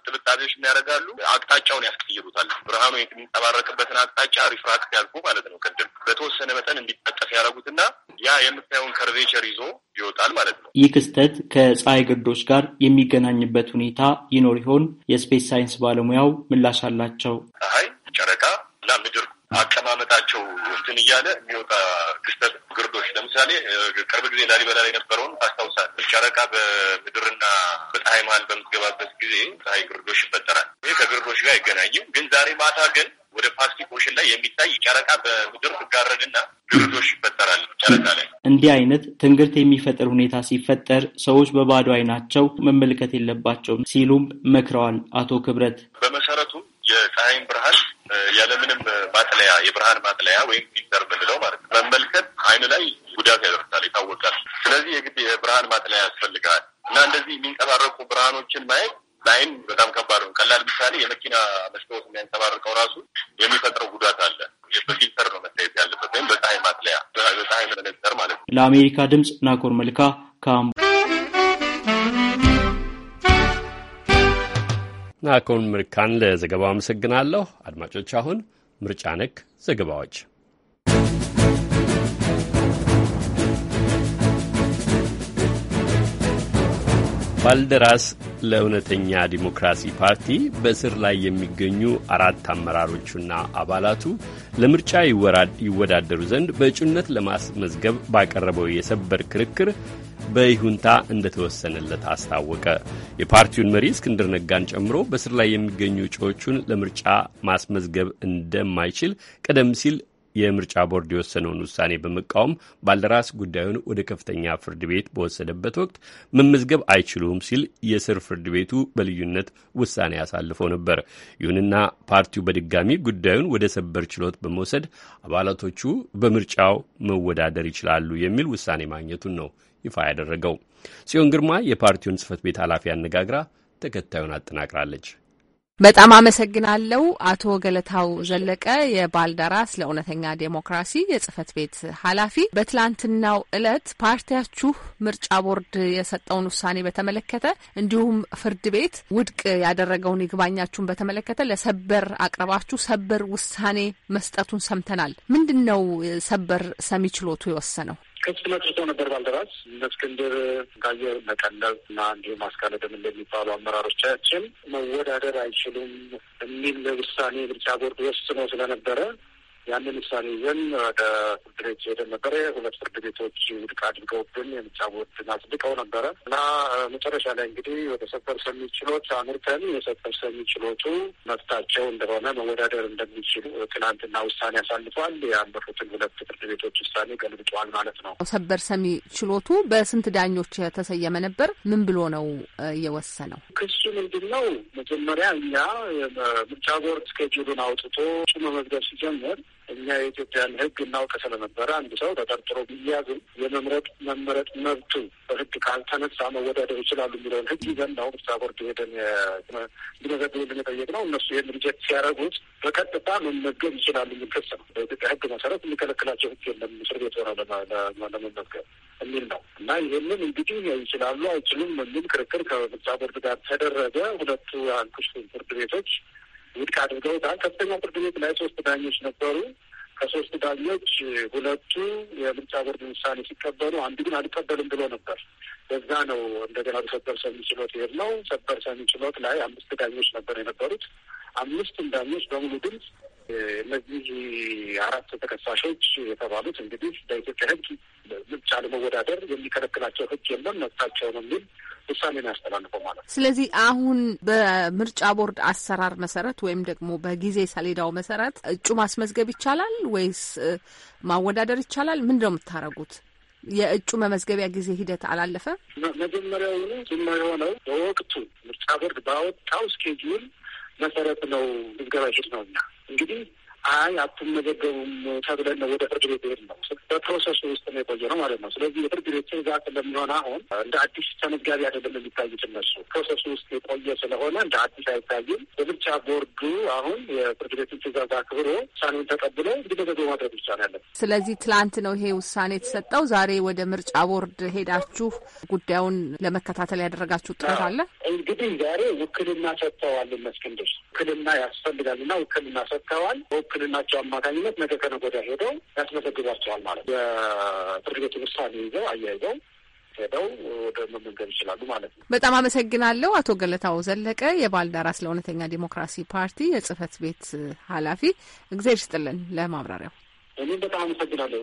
ጥብጣቤዎች ምን ያደርጋሉ? አቅጣጫውን ያስቀይሩታል። ብርሃኑ የሚንጸባረቅ የምንጠቀምበትን አቅጣጫ ሪፍራክት ያልኩ ማለት ነው። ቅድም በተወሰነ መጠን እንዲጣጠፍ ያደረጉትና ያ የምታየውን ከርቬቸር ይዞ ይወጣል ማለት ነው። ይህ ክስተት ከፀሐይ ግርዶች ጋር የሚገናኝበት ሁኔታ ይኖር ይሆን? የስፔስ ሳይንስ ባለሙያው ምላሽ አላቸው። ፀሐይ፣ ጨረቃ እና ምድር አቀማመጣቸው እንትን እያለ የሚወጣ ክስተት ግርዶች። ለምሳሌ ቅርብ ጊዜ ላሊበላ የነበረውን ታስታውሳለህ? ጨረቃ በምድርና በፀሐይ መሀል በምትገባበት ጊዜ ፀሐይ ግርዶች ይፈጠራል። ይህ ከግርዶች ጋር አይገናኝም። ግን ዛሬ ማታ ግን ወደ ፓስቲክ ኦሽን ላይ የሚታይ ጨረቃ በምድር ትጋረድና ግርዶሽ ይፈጠራል ጨረቃ ላይ። እንዲህ አይነት ትንግርት የሚፈጥር ሁኔታ ሲፈጠር ሰዎች በባዶ አይናቸው መመልከት የለባቸውም ሲሉም መክረዋል አቶ ክብረት። በመሰረቱ የፀሐይን ብርሃን ያለምንም ማጥለያ የብርሃን ማጥለያ ወይም ፊልተር ምንለው ማለት ነው መመልከት አይን ላይ ጉዳት ያደርሳል ይታወቃል። ስለዚህ የግድ የብርሃን ማጥለያ ያስፈልጋል እና እንደዚህ የሚንጸባረቁ ብርሃኖችን ማየት ላይን በጣም ከባድ ነው። ቀላል ምሳሌ የመኪና መስታወት የሚያንጸባርቀው ራሱ የሚፈጥረው ጉዳት አለ። በፊልተር ነው መታየት ያለበት ወይም በፀሐይ ማጥለያ በፀሐይ መነጽር ማለት ነው። ለአሜሪካ ድምፅ ናኮር መልካ ከአምቦ ናኮን ምርካን ለዘገባው አመሰግናለሁ። አድማጮች አሁን ምርጫ ነክ ዘገባዎች ባልደራስ ለእውነተኛ ዲሞክራሲ ፓርቲ በእስር ላይ የሚገኙ አራት አመራሮቹና አባላቱ ለምርጫ ይወዳደሩ ዘንድ በእጩነት ለማስመዝገብ ባቀረበው የሰበር ክርክር በይሁንታ እንደተወሰነለት አስታወቀ። የፓርቲውን መሪ እስክንድር ነጋን ጨምሮ በስር ላይ የሚገኙ እጩዎቹን ለምርጫ ማስመዝገብ እንደማይችል ቀደም ሲል የምርጫ ቦርድ የወሰነውን ውሳኔ በመቃወም ባልደራስ ጉዳዩን ወደ ከፍተኛ ፍርድ ቤት በወሰደበት ወቅት መመዝገብ አይችሉም ሲል የስር ፍርድ ቤቱ በልዩነት ውሳኔ አሳልፎ ነበር። ይሁንና ፓርቲው በድጋሚ ጉዳዩን ወደ ሰበር ችሎት በመውሰድ አባላቶቹ በምርጫው መወዳደር ይችላሉ የሚል ውሳኔ ማግኘቱን ነው ይፋ ያደረገው። ጽዮን ግርማ የፓርቲውን ጽህፈት ቤት ኃላፊ አነጋግራ ተከታዩን አጠናቅራለች። በጣም አመሰግናለሁ አቶ ገለታው ዘለቀ የባልደራስ ለእውነተኛ ዴሞክራሲ የጽህፈት ቤት ኃላፊ። በትላንትናው እለት ፓርቲያችሁ ምርጫ ቦርድ የሰጠውን ውሳኔ በተመለከተ እንዲሁም ፍርድ ቤት ውድቅ ያደረገውን ይግባኛችሁን በተመለከተ ለሰበር አቅርባችሁ ሰበር ውሳኔ መስጠቱን ሰምተናል። ምንድን ነው ሰበር ሰሚ ችሎቱ የወሰነው? ከጽነት ርቶ ነበር ባልደራስ እነ እስክንድር ጋየር መቀነብ እና እንዲሁም አስካለደም እንደሚባሉ አመራሮቻችን መወዳደር አይችሉም የሚል ውሳኔ ምርጫ ቦርድ ወስኖ ስለነበረ ያንን ውሳኔ ይዘን ወደ ፍርድ ቤት ሄደን ነበረ። ሁለት ፍርድ ቤቶች ውድቅ አድርገውብን የምጫወትን አጽድቀው ነበረ እና መጨረሻ ላይ እንግዲህ ወደ ሰበር ሰሚ ችሎት አምርተን የሰበር ሰሚ ችሎቱ መብታቸው እንደሆነ መወዳደር እንደሚችሉ ትናንትና ውሳኔ አሳልፏል። ያለፉትን ሁለት ፍርድ ቤቶች ውሳኔ ገልብጠዋል ማለት ነው። ሰበር ሰሚ ችሎቱ በስንት ዳኞች የተሰየመ ነበር? ምን ብሎ ነው የወሰነው? ክሱ ምንድን ነው? መጀመሪያ እኛ ምርጫ ቦርድ እስኬጁሉን አውጥቶ እጩ መመዝገብ ሲጀምር እኛ የኢትዮጵያን ሕግ እናውቅ ስለነበረ አንድ ሰው ተጠርጥሮ ቢያዝም የመምረጥ መመረጥ መብቱ በሕግ ካልተነሳ መወዳደር ይችላሉ የሚለውን ሕግ ይዘን ነው ምርጫ ቦርድ ሄደን እንዲመዘግቡልን የጠየቅ ነው። እነሱ ይህን ሪጀክት ሲያደርጉት በቀጥታ መመገብ ይችላሉ የሚል ክስ ነው። በኢትዮጵያ ሕግ መሰረት የሚከለክላቸው ሕግ የለም እስር ቤት ሆነ ለመመገብ የሚል ነው እና ይህንን እንግዲህ ይችላሉ አይችሉም የሚል ክርክር ከምርጫ ቦርድ ጋር ተደረገ። ሁለቱ አንኩሽ ፍርድ ቤቶች ውድቅ አድርገውታል። ከፍተኛ ፍርድ ቤት ላይ ሶስት ዳኞች ነበሩ። ከሶስት ዳኞች ሁለቱ የምርጫ ቦርድ ውሳኔ ሲቀበሉ አንዱ ግን አልቀበልም ብሎ ነበር። በዛ ነው እንደገና በሰበር ሰሚ ችሎት ይሄድ ነው። ሰበር ሰሚ ችሎት ላይ አምስት ዳኞች ነበር የነበሩት። አምስቱም ዳኞች በሙሉ ድምፅ እነዚህ አራት ተከሳሾች የተባሉት እንግዲህ በኢትዮጵያ ሕግ ምርጫ ለመወዳደር የሚከለክላቸው ሕግ የለም መብታቸው ነው የሚል ውሳኔን ያስተላልፈው ማለት ነው። ስለዚህ አሁን በምርጫ ቦርድ አሰራር መሰረት ወይም ደግሞ በጊዜ ሰሌዳው መሰረት እጩ ማስመዝገብ ይቻላል ወይስ ማወዳደር ይቻላል? ምንድን ነው የምታደርጉት? የእጩ መመዝገቢያ ጊዜ ሂደት አላለፈ። መጀመሪያውኑ ዝማ የሆነው በወቅቱ ምርጫ ቦርድ ባወጣው ስኬጁል መሰረት ነው ምዝገባ ሂድ ነው እኛ እንግዲህ አይ አትመዘገቡም ተብለን ነው ወደ ፍርድ ቤት ሄድ ነው። በፕሮሰሱ ውስጥ ነው የቆየ ነው ማለት ነው። ስለዚህ የፍርድ ቤት ትእዛዝ ስለሚሆን አሁን እንደ አዲስ ተመዝጋቢ አይደለም የሚታዩት እነሱ ፕሮሰሱ ውስጥ የቆየ ስለሆነ እንደ አዲስ አይታዩም። በብቻ ቦርዱ አሁን የፍርድ ቤትን ትእዛዝ አክብሮ ውሳኔውን ተቀብሎ እንዲመዘገቡ ማድረግ ብቻ ነው ያለን። ስለዚህ ትላንት ነው ይሄ ውሳኔ የተሰጠው። ዛሬ ወደ ምርጫ ቦርድ ሄዳችሁ ጉዳዩን ለመከታተል ያደረጋችሁ ጥረት አለ? እንግዲህ ዛሬ ውክልና ሰጥተዋል። መስክንድር ውክልና ያስፈልጋል እና ውክልና ሰጥተዋል። በውክልናቸው አማካኝነት ነገ ከነገ ወዲያ ሄደው ያስመዘግቧቸዋል ማለት የፍርድ ቤቱን ውሳኔ ይዘው አያይዘው ሄደው ወደ መመዝገብ ይችላሉ ማለት ነው። በጣም አመሰግናለሁ አቶ ገለታው ዘለቀ የባልደራስ ለእውነተኛ ዲሞክራሲ ፓርቲ የጽህፈት ቤት ኃላፊ፣ እግዜር ይስጥልን ለማብራሪያው። እኔም በጣም አመሰግናለሁ።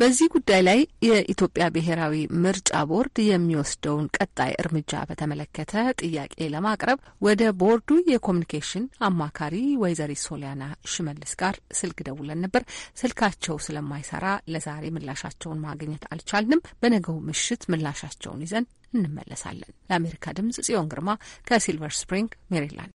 በዚህ ጉዳይ ላይ የኢትዮጵያ ብሔራዊ ምርጫ ቦርድ የሚወስደውን ቀጣይ እርምጃ በተመለከተ ጥያቄ ለማቅረብ ወደ ቦርዱ የኮሚኒኬሽን አማካሪ ወይዘሪት ሶሊያና ሽመልስ ጋር ስልክ ደውለን ነበር። ስልካቸው ስለማይሰራ ለዛሬ ምላሻቸውን ማግኘት አልቻልንም። በነገው ምሽት ምላሻቸውን ይዘን እንመለሳለን። ለአሜሪካ ድምጽ ጽዮን ግርማ ከሲልቨር ስፕሪንግ ሜሪላንድ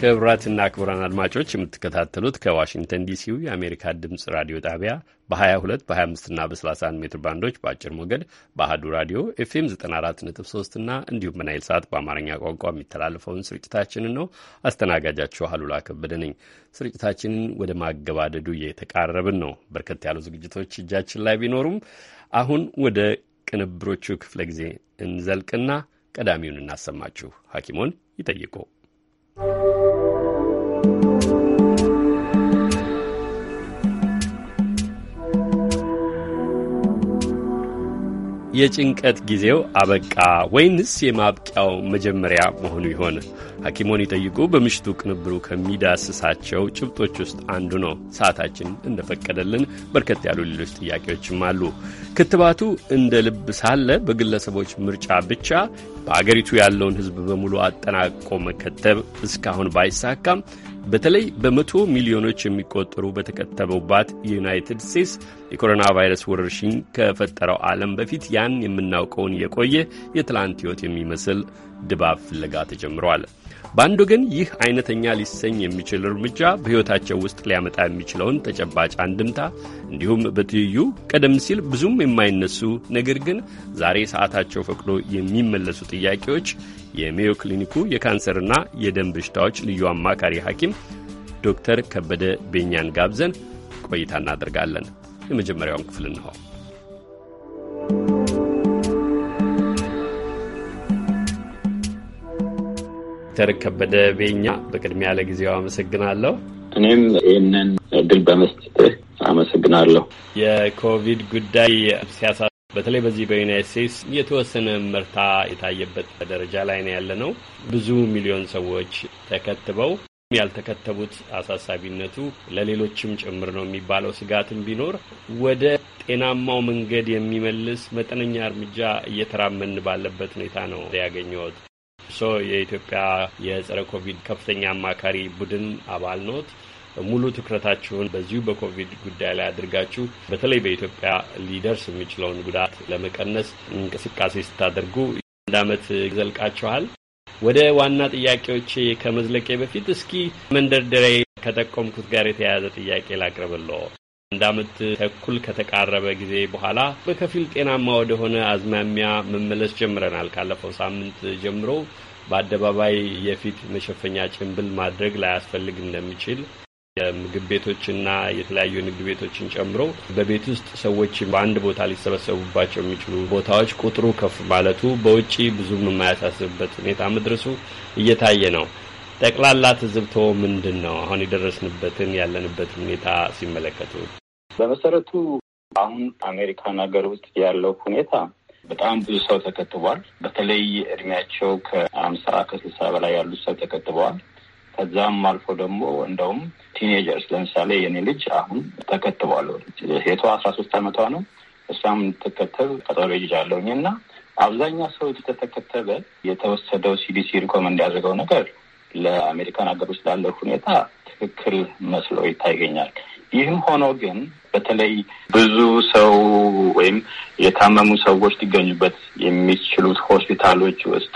ክቡራትና ክቡራን አድማጮች የምትከታተሉት ከዋሽንግተን ዲሲው የአሜሪካ ድምፅ ራዲዮ ጣቢያ በ22 25 እና በ31 ሜትር ባንዶች በአጭር ሞገድ በአህዱ ራዲዮ ኤፍኤም 94.3 እና እንዲሁም በናይል ሰዓት በአማርኛ ቋንቋ የሚተላለፈውን ስርጭታችንን ነው። አስተናጋጃችሁ አሉላ ከበደ ነኝ። ስርጭታችንን ወደ ማገባደዱ እየተቃረብን ነው። በርከት ያሉ ዝግጅቶች እጃችን ላይ ቢኖሩም አሁን ወደ ቅንብሮቹ ክፍለ ጊዜ እንዘልቅና ቀዳሚውን እናሰማችሁ። ሐኪሞን ይጠይቁ Thank you. የጭንቀት ጊዜው አበቃ ወይንስ የማብቂያው መጀመሪያ መሆኑ ይሆን? ሐኪሞን ይጠይቁ በምሽቱ ቅንብሩ ከሚዳስሳቸው ጭብጦች ውስጥ አንዱ ነው። ሰዓታችን እንደፈቀደልን በርከት ያሉ ሌሎች ጥያቄዎችም አሉ። ክትባቱ እንደ ልብ ሳለ በግለሰቦች ምርጫ ብቻ በአገሪቱ ያለውን ሕዝብ በሙሉ አጠናቆ መከተብ እስካሁን ባይሳካም በተለይ በመቶ ሚሊዮኖች የሚቆጠሩ በተከተቡባት ዩናይትድ ስቴትስ የኮሮና ቫይረስ ወረርሽኝ ከፈጠረው ዓለም በፊት ያን የምናውቀውን የቆየ የትላንት ሕይወት የሚመስል ድባብ ፍለጋ ተጀምሯል። በአንድ ወገን ይህ አይነተኛ ሊሰኝ የሚችል እርምጃ በሕይወታቸው ውስጥ ሊያመጣ የሚችለውን ተጨባጭ አንድምታ እንዲሁም በትይዩ ቀደም ሲል ብዙም የማይነሱ ነገር ግን ዛሬ ሰዓታቸው ፈቅዶ የሚመለሱ ጥያቄዎች የሜዮ ክሊኒኩ የካንሰርና የደም በሽታዎች ልዩ አማካሪ ሐኪም ዶክተር ከበደ ቤኛን ጋብዘን ቆይታ እናደርጋለን። የመጀመሪያውን ክፍል እንሆ። ዶክተር ከበደ ቤኛ በቅድሚያ ለጊዜው አመሰግናለሁ። እኔም ይህንን እድል በመስጠት አመሰግናለሁ። የኮቪድ ጉዳይ ሲያሳ በተለይ በዚህ በዩናይት ስቴትስ የተወሰነ ምርታ የታየበት ደረጃ ላይ ነው ያለ ነው። ብዙ ሚሊዮን ሰዎች ተከትበው ያልተከተቡት አሳሳቢነቱ ለሌሎችም ጭምር ነው የሚባለው ስጋትም ቢኖር ወደ ጤናማው መንገድ የሚመልስ መጠነኛ እርምጃ እየተራመን ባለበት ሁኔታ ነው ያገኘሁት። ሶ የኢትዮጵያ የጸረ ኮቪድ ከፍተኛ አማካሪ ቡድን አባል ኖት። ሙሉ ትኩረታችሁን በዚሁ በኮቪድ ጉዳይ ላይ አድርጋችሁ በተለይ በኢትዮጵያ ሊደርስ የሚችለውን ጉዳት ለመቀነስ እንቅስቃሴ ስታደርጉ አንድ ዓመት ይዘልቃችኋል። ወደ ዋና ጥያቄዎች ከመዝለቄ በፊት እስኪ መንደርደሪያ ከጠቆምኩት ጋር የተያያዘ ጥያቄ ላቅርብልዎ። አንድ ዓመት ተኩል ከተቃረበ ጊዜ በኋላ በከፊል ጤናማ ወደሆነ አዝማሚያ መመለስ ጀምረናል። ካለፈው ሳምንት ጀምሮ በአደባባይ የፊት መሸፈኛ ጭንብል ማድረግ ላያስፈልግ እንደሚችል የምግብ ቤቶችና የተለያዩ ንግድ ቤቶችን ጨምሮ በቤት ውስጥ ሰዎች በአንድ ቦታ ሊሰበሰቡባቸው የሚችሉ ቦታዎች ቁጥሩ ከፍ ማለቱ በውጭ ብዙም የማያሳስብበት ሁኔታ መድረሱ እየታየ ነው። ጠቅላላ ትዝብቶ ምንድን ነው? አሁን የደረስንበትን ያለንበትን ሁኔታ ሲመለከቱ በመሰረቱ አሁን አሜሪካን ሀገር ውስጥ ያለው ሁኔታ በጣም ብዙ ሰው ተከትቧል። በተለይ እድሜያቸው ከአምሳ ከስልሳ በላይ ያሉት ሰው ተከትበዋል። ከዛም አልፎ ደግሞ እንደውም ቲኔጀርስ ለምሳሌ የኔ ልጅ አሁን ተከትቧል። ሴቷ አስራ ሶስት ዓመቷ ነው። እሷም እንድትከተብ ቀጠሮ ይዣለሁኝ እና አብዛኛው ሰው ተተከተበ የተወሰደው ሲዲሲ ሪኮመንድ ያደረገው ነገር ለአሜሪካን ሀገር ውስጥ ላለው ሁኔታ ትክክል መስሎ ይታይገኛል። ይህም ሆኖ ግን በተለይ ብዙ ሰው ወይም የታመሙ ሰዎች ሊገኙበት የሚችሉት ሆስፒታሎች ውስጥ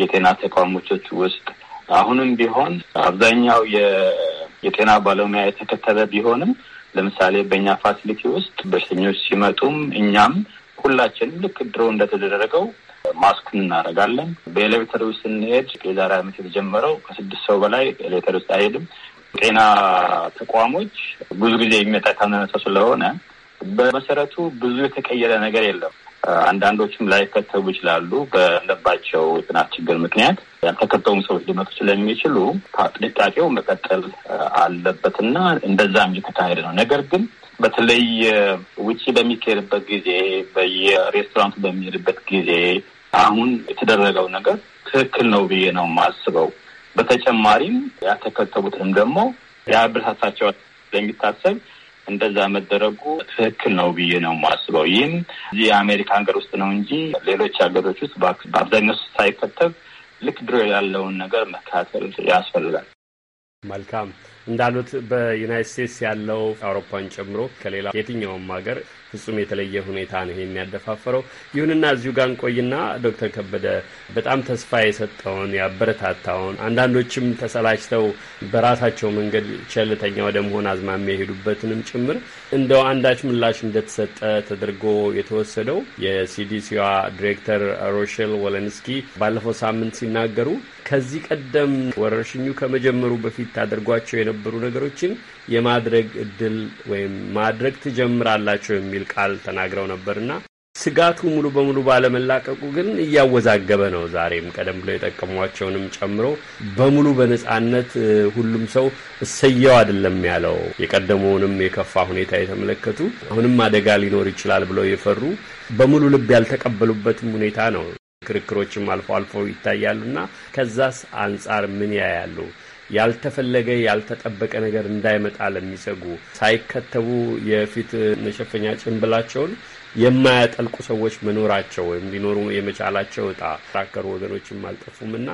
የጤና ተቋሞች ውስጥ አሁንም ቢሆን አብዛኛው የጤና ባለሙያ የተከተለ ቢሆንም ለምሳሌ በእኛ ፋሲሊቲ ውስጥ በሽተኞች ሲመጡም እኛም ሁላችንም ልክ ድሮ እንደተደረገው ማስኩን እናደርጋለን። በኤሌቬተር ውስጥ ስንሄድ የዛሬ ዓመት የተጀመረው ከስድስት ሰው በላይ ኤሌቬተር ውስጥ አይሄድም። ጤና ተቋሞች ብዙ ጊዜ የሚመጣ ስለሆነ በመሰረቱ ብዙ የተቀየረ ነገር የለም። አንዳንዶችም ላይከተቡ ይችላሉ። በለባቸው የጥናት ችግር ምክንያት ያልተከተቡም ሰዎች ሊመጡ ስለሚችሉ ጥንቃቄው መቀጠል አለበትና እንደዛም እየተካሄደ ነው። ነገር ግን በተለይ ውጭ በሚካሄድበት ጊዜ፣ በየሬስቶራንቱ በሚሄድበት ጊዜ አሁን የተደረገው ነገር ትክክል ነው ብዬ ነው የማስበው። በተጨማሪም ያልተከተቡትንም ደግሞ የአብርሳታቸው ለሚታሰብ እንደዛ መደረጉ ትክክል ነው ብዬ ነው የማስበው። ይህም እዚህ የአሜሪካ ሀገር ውስጥ ነው እንጂ ሌሎች ሀገሮች ውስጥ በአብዛኛው ሳይከተብ ልክ ድሮ ያለውን ነገር መከታተል ያስፈልጋል። መልካም እንዳሉት በዩናይት ስቴትስ ያለው አውሮፓን ጨምሮ ከሌላ የትኛውም ሀገር ፍጹም የተለየ ሁኔታ ነው የሚያደፋፈረው። ይሁንና እዚሁ ጋር እንቆይና ዶክተር ከበደ በጣም ተስፋ የሰጠውን ያበረታታውን፣ አንዳንዶችም ተሰላችተው በራሳቸው መንገድ ቸልተኛ ወደ መሆን አዝማሚያ የሄዱበትንም ጭምር እንደው አንዳች ምላሽ እንደተሰጠ ተደርጎ የተወሰደው የሲዲሲዋ ዲሬክተር ሮሼል ወለንስኪ ባለፈው ሳምንት ሲናገሩ ከዚህ ቀደም ወረርሽኙ ከመጀመሩ በፊት ታደርጓቸው የነበሩ ነገሮችን የማድረግ እድል ወይም ማድረግ ትጀምራላቸው የሚል ቃል ተናግረው ነበርና ስጋቱ ሙሉ በሙሉ ባለመላቀቁ ግን እያወዛገበ ነው። ዛሬም ቀደም ብሎ የጠቀሟቸውንም ጨምሮ በሙሉ በነጻነት ሁሉም ሰው እሰየው አይደለም ያለው። የቀደመውንም የከፋ ሁኔታ የተመለከቱ አሁንም አደጋ ሊኖር ይችላል ብለው የፈሩ በሙሉ ልብ ያልተቀበሉበትም ሁኔታ ነው ክርክሮችም አልፎ አልፎ ይታያሉና ከዛስ አንጻር ምን ያያሉ? ያልተፈለገ ያልተጠበቀ ነገር እንዳይመጣ ለሚሰጉ ሳይከተቡ የፊት መሸፈኛ ጭንብላቸውን የማያጠልቁ ሰዎች መኖራቸው ወይም ሊኖሩ የመቻላቸው እጣ ተራከሩ ወገኖችም አልጠፉም እና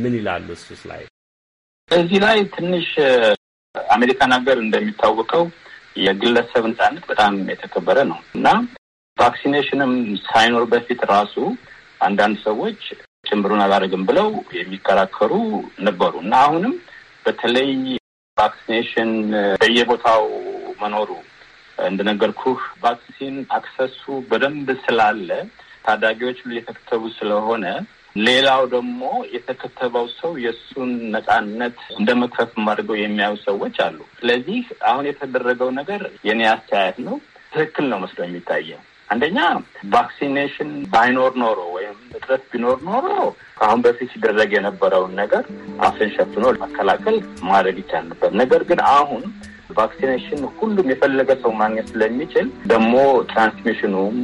ምን ይላሉ? እሱስ ላይ እዚህ ላይ ትንሽ አሜሪካን ሀገር እንደሚታወቀው የግለሰብ ነጻነት በጣም የተከበረ ነው እና ቫክሲኔሽንም ሳይኖር በፊት ራሱ አንዳንድ ሰዎች ጭምብሩን አላደርግም ብለው የሚከራከሩ ነበሩ እና አሁንም በተለይ ቫክሲኔሽን በየቦታው መኖሩ እንደነገርኩህ ቫክሲን አክሰሱ በደንብ ስላለ ታዳጊዎች ሁሉ የተከተቡ ስለሆነ ሌላው ደግሞ የተከተበው ሰው የእሱን ነጻነት እንደ መክፈፍ አድርገው የሚያዩ ሰዎች አሉ። ስለዚህ አሁን የተደረገው ነገር የኔ አስተያየት ነው፣ ትክክል ነው መስሎ የሚታየው አንደኛ ቫክሲኔሽን ባይኖር ኖሮ ወይም እጥረት ቢኖር ኖሮ ከአሁን በፊት ሲደረግ የነበረውን ነገር አፍን ሸፍኖ መከላከል ማድረግ ይቻል ነበር። ነገር ግን አሁን ቫክሲኔሽን ሁሉም የፈለገ ሰው ማግኘት ስለሚችል ደግሞ ትራንስሚሽኑም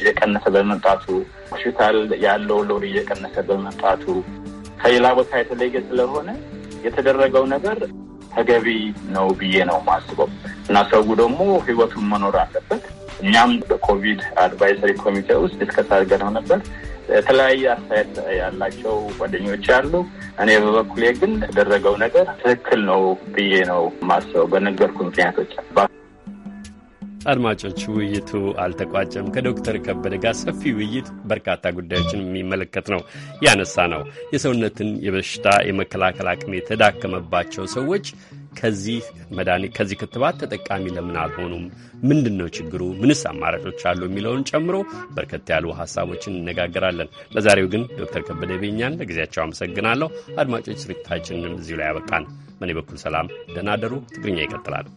እየቀነሰ በመምጣቱ ሆስፒታል ያለው ሎሪ እየቀነሰ በመምጣቱ ከሌላ ቦታ የተለየ ስለሆነ የተደረገው ነገር ተገቢ ነው ብዬ ነው ማስበው እና ሰው ደግሞ ህይወቱን መኖር አለበት። እኛም በኮቪድ አድቫይዘሪ ኮሚቴ ውስጥ ዲስከስ አድርገነው ነበር። የተለያየ አስተያየት ያላቸው ጓደኞች አሉ። እኔ በበኩሌ ግን ያደረገው ነገር ትክክል ነው ብዬ ነው ማስበው በነገርኩ ምክንያቶች። አድማጮች፣ ውይይቱ አልተቋጨም። ከዶክተር ከበደ ጋር ሰፊ ውይይት በርካታ ጉዳዮችን የሚመለከት ነው ያነሳ ነው የሰውነትን የበሽታ የመከላከል አቅም የተዳከመባቸው ሰዎች ከዚህ መድኃኒት ከዚህ ክትባት ተጠቃሚ ለምን አልሆኑም? ምንድን ነው ችግሩ? ምንስ አማራጮች አሉ? የሚለውን ጨምሮ በርከት ያሉ ሀሳቦችን እነጋገራለን። ለዛሬው ግን ዶክተር ከበደ ቤኛን ለጊዜያቸው አመሰግናለሁ። አድማጮች ስርጭታችንንም እዚሁ ላይ ያበቃን። በእኔ በኩል ሰላም፣ ደህና ደሩ። ትግርኛ ይቀጥላል።